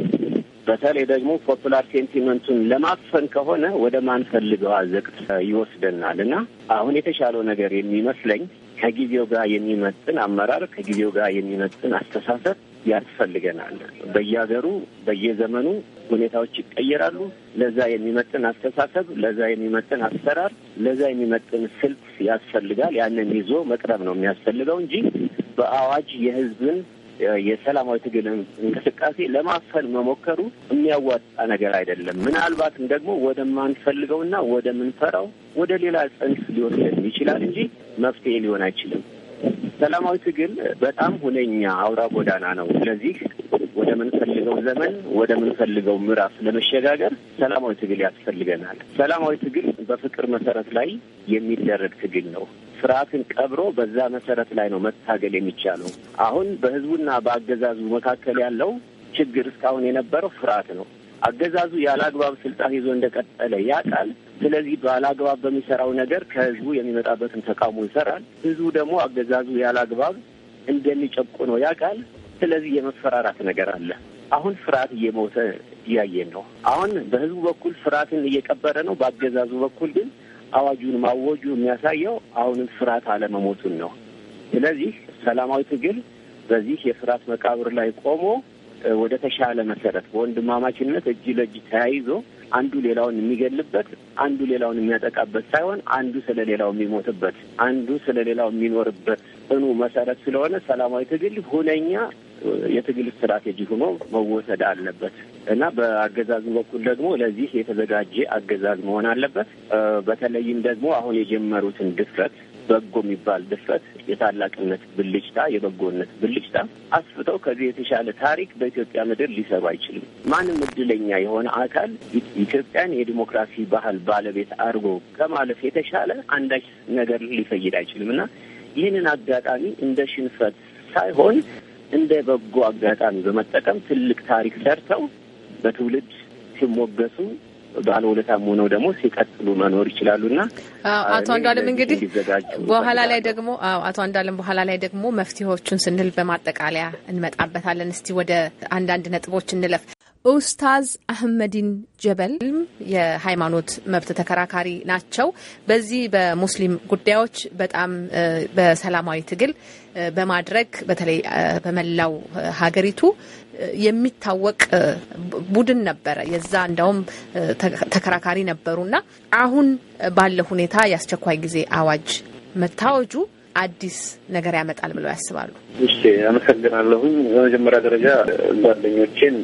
በተለይ ደግሞ ፖፑላር ሴንቲመንቱን ለማፈን ከሆነ ወደ ማንፈልገው አዘቅት ይወስደናል እና አሁን የተሻለው ነገር የሚመስለኝ ከጊዜው ጋር የሚመጥን አመራር፣ ከጊዜው ጋር የሚመጥን አስተሳሰብ ያስፈልገናል። በየሀገሩ በየዘመኑ ሁኔታዎች ይቀየራሉ። ለዛ የሚመጥን አስተሳሰብ፣ ለዛ የሚመጥን አሰራር፣ ለዛ የሚመጥን ስልት ያስፈልጋል። ያንን ይዞ መቅረብ ነው የሚያስፈልገው እንጂ በአዋጅ የህዝብን የሰላማዊ ትግል እንቅስቃሴ ለማፈን መሞከሩ የሚያዋጣ ነገር አይደለም። ምናልባትም ደግሞ ወደማንፈልገውና ወደምንፈራው ወደ ሌላ ጽንፍ ሊወስደን ይችላል እንጂ መፍትሄ ሊሆን አይችልም። ሰላማዊ ትግል በጣም ሁነኛ አውራ ጎዳና ነው። ስለዚህ ወደምንፈልገው ዘመን ወደምንፈልገው ምዕራፍ ለመሸጋገር ሰላማዊ ትግል ያስፈልገናል። ሰላማዊ ትግል በፍቅር መሰረት ላይ የሚደረግ ትግል ነው። ስርዓትን ቀብሮ በዛ መሰረት ላይ ነው መታገል የሚቻለው። አሁን በህዝቡና በአገዛዙ መካከል ያለው ችግር እስካሁን የነበረው ፍርሃት ነው። አገዛዙ ያለአግባብ ስልጣን ይዞ እንደቀጠለ ያውቃል። ስለዚህ ባለአግባብ በሚሰራው ነገር ከህዝቡ የሚመጣበትን ተቃውሞ ይሰራል። ህዝቡ ደግሞ አገዛዙ ያለ እንደሚጨቁ ነው ያውቃል። ስለዚህ የመፈራራት ነገር አለ። አሁን ፍርሃት እየሞተ እያየን ነው። አሁን በህዝቡ በኩል ፍርሃትን እየቀበረ ነው። በአገዛዙ በኩል ግን አዋጁን ማወጁ የሚያሳየው አሁንም ፍርሃት አለመሞቱን ነው። ስለዚህ ሰላማዊ ትግል በዚህ የፍርሃት መቃብር ላይ ቆሞ ወደ ተሻለ መሰረት በወንድማማችነት እጅ ለእጅ ተያይዞ አንዱ ሌላውን የሚገልበት አንዱ ሌላውን የሚያጠቃበት ሳይሆን አንዱ ስለ ሌላው የሚሞትበት አንዱ ስለ ሌላው የሚኖርበት እኑ መሰረት ስለሆነ ሰላማዊ ትግል ሁነኛ የትግል ስትራቴጂ ሆኖ መወሰድ አለበት። እና በአገዛዝ በኩል ደግሞ ለዚህ የተዘጋጀ አገዛዝ መሆን አለበት። በተለይም ደግሞ አሁን የጀመሩትን ድፍረት በጎ የሚባል ድፍረት፣ የታላቅነት ብልጭታ፣ የበጎነት ብልጭታ አስፍተው ከዚህ የተሻለ ታሪክ በኢትዮጵያ ምድር ሊሰሩ አይችልም። ማንም እድለኛ የሆነ አካል ኢትዮጵያን የዲሞክራሲ ባህል ባለቤት አድርጎ ከማለፍ የተሻለ አንዳች ነገር ሊፈይድ አይችልም እና ይህንን አጋጣሚ እንደ ሽንፈት ሳይሆን እንደ በጎ አጋጣሚ በመጠቀም ትልቅ ታሪክ ሰርተው በትውልድ ሲሞገሱ ባለ ውለታም ሆነው ደግሞ ሲቀጥሉ መኖር ይችላሉና አቶ አንዷለም እንግዲህ በኋላ ላይ ደግሞ አቶ አንዳለም በኋላ ላይ ደግሞ መፍትሄዎቹን ስንል በማጠቃለያ እንመጣበታለን። እስቲ ወደ አንዳንድ ነጥቦች እንለፍ። ኡስታዝ አህመዲን ጀበል የሃይማኖት መብት ተከራካሪ ናቸው። በዚህ በሙስሊም ጉዳዮች በጣም በሰላማዊ ትግል በማድረግ በተለይ በመላው ሀገሪቱ የሚታወቅ ቡድን ነበረ። የዛ እንደውም ተከራካሪ ነበሩና አሁን ባለ ሁኔታ የአስቸኳይ ጊዜ አዋጅ መታወጁ አዲስ ነገር ያመጣል ብለው ያስባሉ? እሺ፣ አመሰግናለሁኝ። በመጀመሪያ ደረጃ ጓደኞቼን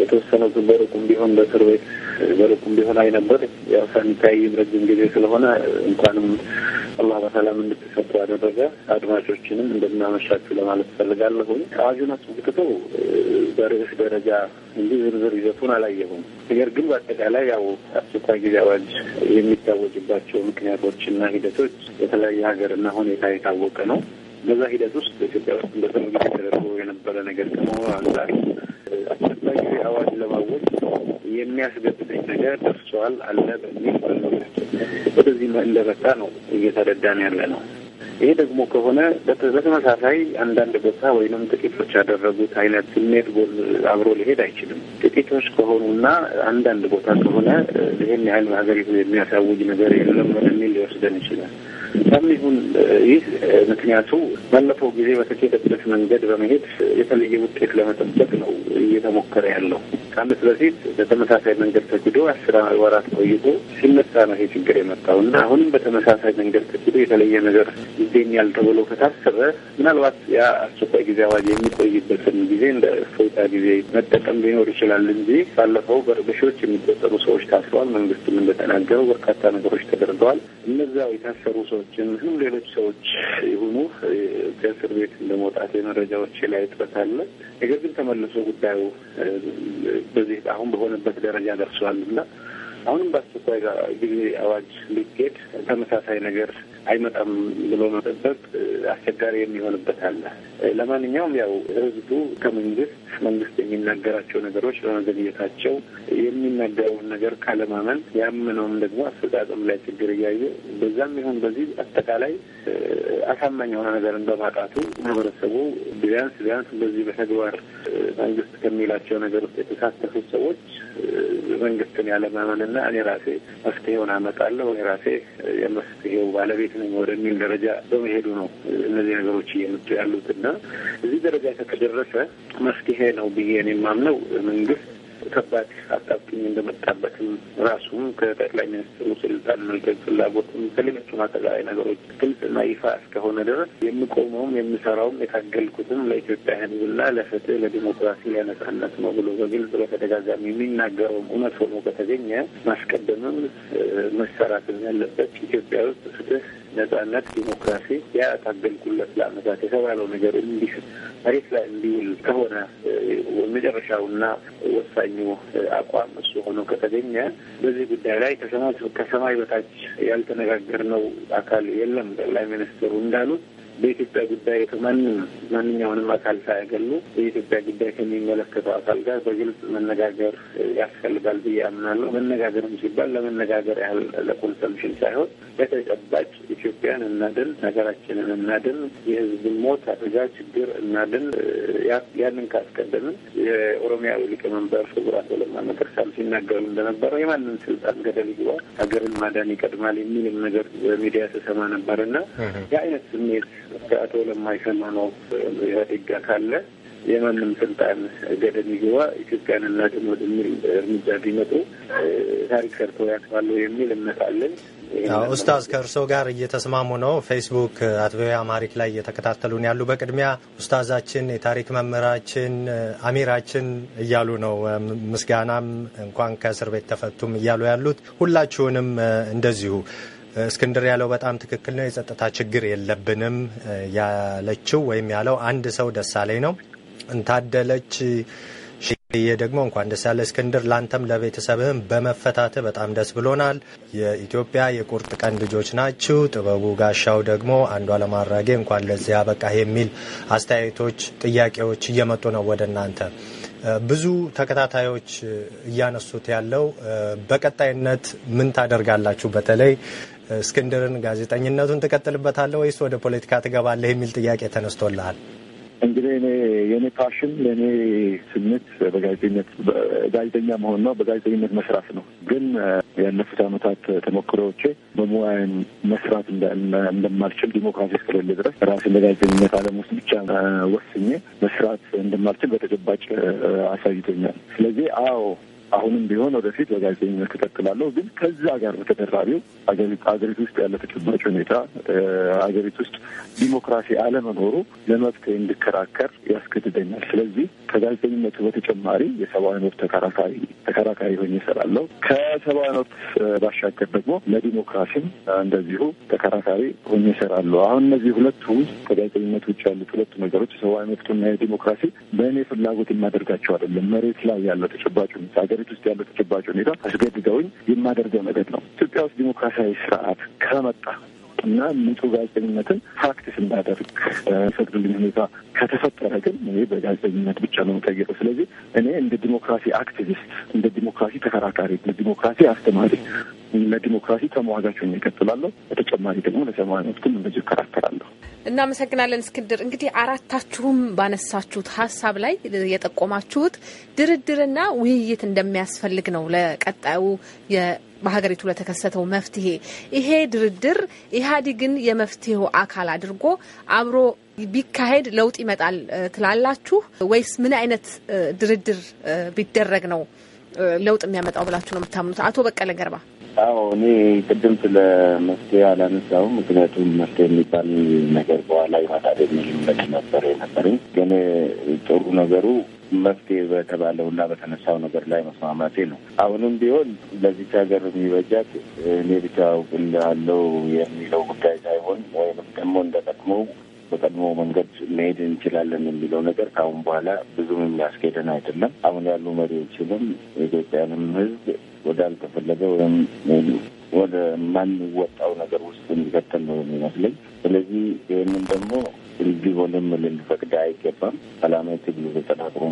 የተወሰነ በሩቁም ቢሆን በእስር ቤት በሩቁም ቢሆን አይ ነበር። ያው ሳንታይም ረጅም ጊዜ ስለሆነ እንኳንም አላህ በሰላም እንድትሰጡ አደረገ። አድማጮችንም እንደምናመሻችሁ ለማለት ፈልጋለሁኝ። አዋጁን አስመልክተው በርዕስ ደረጃ እንጂ ዝርዝር ይዘቱን አላየሁም። ነገር ግን በአጠቃላይ ያው አስቸኳይ ጊዜ አዋጅ የሚታወጅባቸው ምክንያቶች እና ሂደቶች የተለያየ ሀገርና ሁኔታ የታወቀ ነው። በዛ ሂደት ውስጥ በኢትዮጵያ ውስጥ በሰሙ ጊዜ ተደርጎ የነበረ ነገር ደግሞ አንጻር አስቸኳይ ጊዜ አዋጅ ለማወጅ የሚያስገድደኝ ነገር ደርሷል አለ በሚል በመግለጫችን ወደዚህ እንደመጣ ነው እየተረዳን ያለ ነው። ይሄ ደግሞ ከሆነ በተመሳሳይ አንዳንድ ቦታ ወይንም ጥቂቶች ያደረጉት አይነት ስሜት አብሮ ሊሄድ አይችልም። ጥቂቶች ከሆኑና አንዳንድ ቦታ ከሆነ ይህን ያህል ሀገሪቱ የሚያሳውጅ ነገር የለም በሚል ሊወስደን ይችላል። ለምን ይሁን ይህ ምክንያቱ ባለፈው ጊዜ በተኬደበት መንገድ በመሄድ የተለየ ውጤት ለመጠበቅ ነው እየተሞከረ ያለው። ከዓመት በፊት በተመሳሳይ መንገድ ተኪዶ አስር ወራት ቆይቶ ሲነሳ ነው ይሄ ችግር የመጣው እና አሁንም በተመሳሳይ መንገድ ተኪዶ የተለየ ነገር ይገኛል ተብሎ ከታሰበ ምናልባት ያ አስቸኳይ ጊዜ አዋጅ የሚቆይበትን ጊዜ እንደ እፎይታ ጊዜ መጠቀም ሊኖር ይችላል እንጂ ባለፈው በሺዎች የሚቆጠሩ ሰዎች ታስረዋል። መንግስትም እንደተናገረው በርካታ ነገሮች ተደርገዋል። እነዚያው የታሰሩ ሰዎች ጋዜጠኞችን ሁም ሌሎች ሰዎች ይሁኑ ከእስር ቤት እንደመውጣት የመረጃዎች ላይ እጥረት አለ። ነገር ግን ተመልሶ ጉዳዩ በዚህ አሁን በሆነበት ደረጃ ደርሷል እና አሁንም በአስቸኳይ ጊዜ አዋጅ ሊጌድ ተመሳሳይ ነገር አይመጣም ብሎ መጠበቅ አስቸጋሪ የሚሆንበት አለ። ለማንኛውም ያው ህዝቡ ከመንግስት መንግስት የሚናገራቸው ነገሮች በመዘግየታቸው የሚናገረውን ነገር ካለማመን ያምነውም ደግሞ አፈጻጸም ላይ ችግር እያየ በዛም ይሁን በዚህ አጠቃላይ አሳማኝ የሆነ ነገርን በማጣቱ ማህበረሰቡ ቢያንስ ቢያንስ በዚህ በተግባር መንግስት ከሚላቸው ነገር ውስጥ የተሳተፉት ሰዎች መንግስትን ያለማመንና እኔ ራሴ መፍትሄውን አመጣለሁ እኔ ራሴ የመፍትሄው ባለቤት ነኝ ወደሚል ደረጃ በመሄዱ ነው እነዚህ ነገሮች እየመጡ ያሉት እና እዚህ ደረጃ ከተደረሰ መፍትሄ ነው ብዬ እኔ የማምነው መንግስት ከባድ አጣብቂኝ እንደመጣበትም ራሱም ከጠቅላይ ሚኒስትሩ ስልጣን መልቀቅ ፍላጎትም ከሌሎቹም አጠቃላይ ነገሮች ግልጽና ይፋ እስከሆነ ድረስ የምቆመውም የምሰራውም የታገልኩትም ለኢትዮጵያ ሕዝብና ለፍትህ፣ ለዲሞክራሲ፣ ለነጻነት ነው ብሎ በግልጽ በተደጋጋሚ የሚናገረውም እውነት ሆኖ ከተገኘ ማስቀደምም መሰራትም ያለበት ኢትዮጵያ ውስጥ ፍትህ ነጻነት፣ ዲሞክራሲ ያ ታገልኩለት ለአመታት የተባለው ነገር እንዲህ መሬት ላይ እንዲውል ከሆነ መጨረሻውና ወሳኙ አቋም እሱ ሆኖ ከተገኘ በዚህ ጉዳይ ላይ ከሰማይ በታች ያልተነጋገርነው አካል የለም። ጠቅላይ ሚኒስትሩ እንዳሉት በኢትዮጵያ ጉዳይ ማንም ማንኛውንም አካል ሳያገሉ በኢትዮጵያ ጉዳይ ከሚመለከተው አካል ጋር በግልጽ መነጋገር ያስፈልጋል ብዬ አምናለሁ። መነጋገርም ሲባል ለመነጋገር ያህል ለኮንሰምሽን ሳይሆን በተጨባጭ ኢትዮጵያን እናድን፣ ሀገራችንን እናድን፣ የሕዝብን ሞት አደጋ ችግር እናድን። ያንን ካስቀደምን የኦሮሚያ ሊቀመንበር ክቡር አቶ ለማ መገርሳም ሲናገሩ እንደነበረው የማንም ስልጣን ገደል ይግባ ሀገርን ማዳን ይቀድማል የሚልም ነገር በሚዲያ ተሰማ ነበር እና የአይነት ስሜት በአቶ ለማ ይሰማ ነው ኢህአዴግ ካለ የማንም ስልጣን ገደብ ይግባ ኢትዮጵያን እናድን ወደሚል እርምጃ ቢመጡ ታሪክ ሰርቶ ያስባሉ የሚል እምነት አለን። ኡስታዝ ከእርሶ ጋር እየተስማሙ ነው። ፌስቡክ አት ቪኦኤ አማሪክ ላይ እየተከታተሉን ያሉ በቅድሚያ ኡስታዛችን የታሪክ መምህራችን አሚራችን እያሉ ነው። ምስጋናም እንኳን ከእስር ቤት ተፈቱም እያሉ ያሉት ሁላችሁንም እንደዚሁ እስክንድር ያለው በጣም ትክክል ነው። የጸጥታ ችግር የለብንም ያለችው ወይም ያለው አንድ ሰው ደሳለኝ ነው። እንታደለች ሽዬ ደግሞ እንኳን ደስ ያለ እስክንድር፣ ላንተም ለቤተሰብህም በመፈታትህ በጣም ደስ ብሎናል። የኢትዮጵያ የቁርጥ ቀን ልጆች ናችሁ። ጥበቡ ጋሻው ደግሞ አንዷ ለማራጌ እንኳን ለዚህ አበቃህ የሚል አስተያየቶች፣ ጥያቄዎች እየመጡ ነው ወደ እናንተ ብዙ ተከታታዮች እያነሱት ያለው በቀጣይነት ምን ታደርጋላችሁ? በተለይ እስክንድርን ጋዜጠኝነቱን ትቀጥልበታለህ ወይስ ወደ ፖለቲካ ትገባለህ የሚል ጥያቄ ተነስቶልሃል። እንግዲህ እኔ የእኔ ፓሽን ለእኔ ስሜት በጋዜጠኝነት ጋዜጠኛ መሆን ነው፣ በጋዜጠኝነት መስራት ነው። ግን ያለፉት ዓመታት ተሞክሮዎቼ በሙያን መስራት እንደማልችል ዲሞክራሲ እስከሌለ ድረስ ራሴን በጋዜጠኝነት ዓለም ውስጥ ብቻ ወስኜ መስራት እንደማልችል በተጨባጭ አሳይቶኛል። ስለዚህ አዎ አሁንም ቢሆን ወደፊት በጋዜጠኝነት እቀጥላለሁ። ግን ከዛ ጋር በተደራቢው ሀገሪቱ ውስጥ ያለ ተጨባጭ ሁኔታ ሀገሪቱ ውስጥ ዲሞክራሲ አለመኖሩ ለመፍትሄ እንድከራከር ያስገድደኛል። ስለዚህ ከጋዜጠኝነቱ በተጨማሪ የሰብአዊ መብት ተከራካሪ ተከራካሪ ሆኜ እሰራለሁ። ከሰብአዊ መብት ባሻገር ደግሞ ለዲሞክራሲም እንደዚሁ ተከራካሪ ሆኜ እሰራለሁ። አሁን እነዚህ ሁለቱ ከጋዜጠኝነት ውጭ ያሉት ሁለቱ ነገሮች የሰብአዊ መብቱና የዲሞክራሲ በእኔ ፍላጎት የማደርጋቸው አይደለም። መሬት ላይ ያለው ተጨባጭ ሁኔታ ሀገሪቱ ውስጥ ያለው ተጨባጭ ሁኔታ አስገድደውኝ የማደርገው ነገር ነው። ኢትዮጵያ ውስጥ ዲሞክራሲያዊ ስርዓት ከመጣ እና ንጹህ ጋዜጠኝነትን ፕራክቲስ እንዳደርግ ፈቅዱልኝ ሁኔታ ከተፈጠረ ግን እኔ በጋዜጠኝነት ብቻ ነው የምጠየቀው። ስለዚህ እኔ እንደ ዲሞክራሲ አክቲቪስት፣ እንደ ዲሞክራሲ ተከራካሪ፣ እንደ ዲሞክራሲ አስተማሪ ለዲሞክራሲ ተሟጋች ሆኜ እቀጥላለሁ። በተጨማሪ ደግሞ ለሰብአዊ መብትም እንደዚሁ እከራከራለሁ። እናመሰግናለን እስክንድር። እንግዲህ አራታችሁም ባነሳችሁት ሀሳብ ላይ የጠቆማችሁት ድርድርና ውይይት እንደሚያስፈልግ ነው ለቀጣዩ በሀገሪቱ ለተከሰተው መፍትሄ ይሄ ድርድር ኢህአዴግን የመፍትሄው አካል አድርጎ አብሮ ቢካሄድ ለውጥ ይመጣል ትላላችሁ ወይስ ምን አይነት ድርድር ቢደረግ ነው ለውጥ የሚያመጣው ብላችሁ ነው የምታምኑት? አቶ በቀለ ገርባ። አዎ እኔ ቅድም ስለ መፍትሄ አላነሳውም፣ ምክንያቱም መፍትሄ የሚባል ነገር በኋላ ይመጣል የሚል ነበር የነበረኝ። ግን ጥሩ ነገሩ መፍትሄ በተባለው እና በተነሳው ነገር ላይ መስማማቴ ነው። አሁንም ቢሆን ለዚች ሀገር የሚበጃት እኔ ብቻ አውቅ የሚለው ጉዳይ ሳይሆን ወይም ደግሞ እንደጠቅመው በቀድሞ መንገድ መሄድ እንችላለን የሚለው ነገር ከአሁን በኋላ ብዙም የሚያስኬደን አይደለም። አሁን ያሉ መሪዎችንም የኢትዮጵያንም ሕዝብ ወዳልተፈለገ ወይም ወደ ማንወጣው ነገር ውስጥ እንዲከተል ነው የሚመስለኝ። ስለዚህ ይህንን ደግሞ እንዲሆንም ልንፈቅድ አይገባም። ሰላማዊ ትግሉ ተጠናክሮ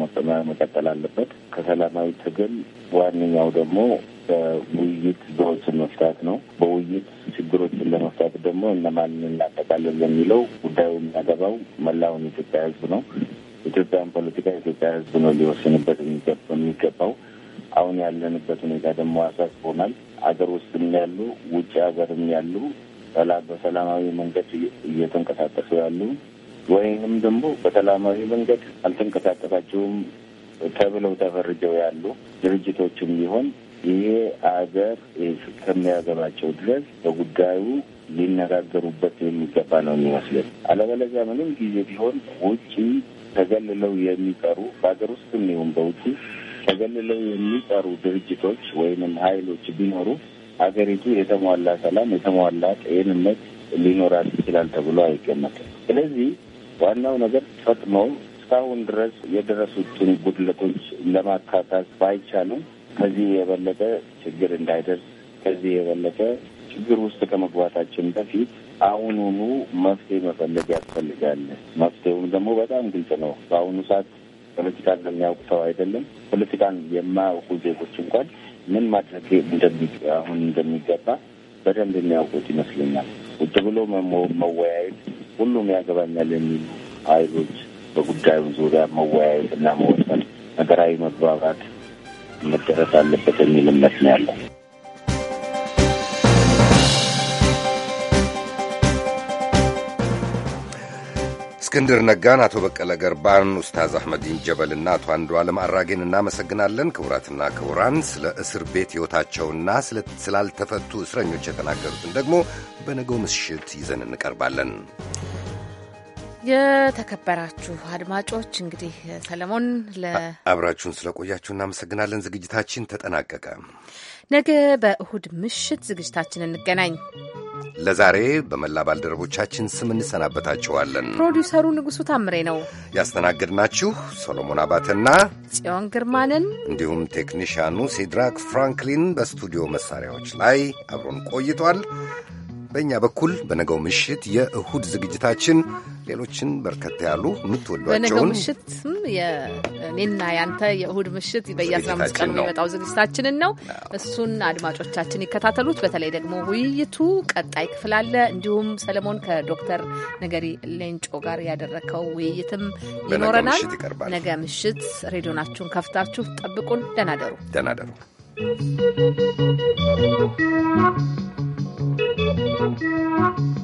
መቀጠል አለበት። ከሰላማዊ ትግል ዋነኛው ደግሞ በውይይት ችግሮችን መፍታት ነው። በውይይት ችግሮችን ለመፍታት ደግሞ እነማንን እናጠቃለን የሚለው ጉዳዩ የሚያገባው መላውን ኢትዮጵያ ሕዝብ ነው። ኢትዮጵያን ፖለቲካ የኢትዮጵያ ሕዝብ ነው ሊወስንበት የሚገባው። አሁን ያለንበት ሁኔታ ደግሞ አሳስቦናል። አገር ውስጥም ያሉ ውጭ ሀገርም ያሉ በሰላማዊ መንገድ እየተንቀሳቀሱ ያሉ ወይንም ደግሞ በሰላማዊ መንገድ አልተንቀሳቀሳቸውም ተብለው ተፈርጀው ያሉ ድርጅቶችም ቢሆን ይሄ አገር እስከሚያገባቸው ድረስ በጉዳዩ ሊነጋገሩበት የሚገባ ነው የሚመስለን። አለበለዚያ ምንም ጊዜ ቢሆን ውጭ ተገልለው የሚቀሩ በሀገር ውስጥም ይሁን በውጭ ተገልለው የሚቀሩ ድርጅቶች ወይንም ኃይሎች ቢኖሩ ሀገሪቱ የተሟላ ሰላም፣ የተሟላ ጤንነት ሊኖራት ይችላል ተብሎ አይገመትም። ስለዚህ ዋናው ነገር ፈጥመው እስካሁን ድረስ የደረሱትን ጉድለቶች ለማካካስ ባይቻልም ከዚህ የበለጠ ችግር እንዳይደርስ ከዚህ የበለጠ ችግር ውስጥ ከመግባታችን በፊት አሁኑኑ መፍትሄ መፈለግ ያስፈልጋል። መፍትሄውም ደግሞ በጣም ግልጽ ነው። በአሁኑ ሰዓት ፖለቲካን ለሚያውቅ ሰው አይደለም፣ ፖለቲካን የማያውቁ ዜጎች እንኳን ምን ማድረግ አሁን እንደሚገባ በደንብ የሚያውቁት ይመስለኛል። ቁጭ ብሎ መወያየት ሁሉም ያገባኛል የሚሉ ኃይሎች በጉዳዩ ዙሪያ መወያየት እና መወሰን፣ ነገራዊ መግባባት መደረስ አለበት የሚል እምነት ነው ያለው። እስክንድር ነጋን፣ አቶ በቀለ ገርባን፣ ኡስታዝ አሕመዲን ጀበልና አቶ አንዱ ዓለም አራጌን እናመሰግናለን። ክቡራትና ክቡራን ስለ እስር ቤት ሕይወታቸውና ስላልተፈቱ እስረኞች የተናገሩትን ደግሞ በነገው ምሽት ይዘን እንቀርባለን። የተከበራችሁ አድማጮች እንግዲህ ሰለሞን አብራችሁን ስለቆያችሁ እናመሰግናለን። ዝግጅታችን ተጠናቀቀ። ነገ በእሁድ ምሽት ዝግጅታችን እንገናኝ። ለዛሬ በመላ ባልደረቦቻችን ስም እንሰናበታችኋለን። ፕሮዲውሰሩ ንጉሱ ታምሬ ነው። ያስተናገድናችሁ ሰሎሞን አባተና ጽዮን ግርማንን እንዲሁም ቴክኒሽያኑ ሲድራክ ፍራንክሊን በስቱዲዮ መሳሪያዎች ላይ አብሮን ቆይቷል። በእኛ በኩል በነገው ምሽት የእሁድ ዝግጅታችን ሌሎችን በርከት ያሉ የምትወዷቸውን በነገው ምሽትም የእኔና ያንተ የእሁድ ምሽት በየ15 ቀኑ የሚመጣው ዝግጅታችንን ነው። እሱን አድማጮቻችን ይከታተሉት። በተለይ ደግሞ ውይይቱ ቀጣይ ክፍል አለ። እንዲሁም ሰለሞን ከዶክተር ነገሪ ሌንጮ ጋር ያደረከው ውይይትም ይኖረናል። ነገ ምሽት ሬዲዮናችሁን ከፍታችሁ ጠብቁን። ደናደሩ ደናደሩ። ደህና ደሩ። Thank you.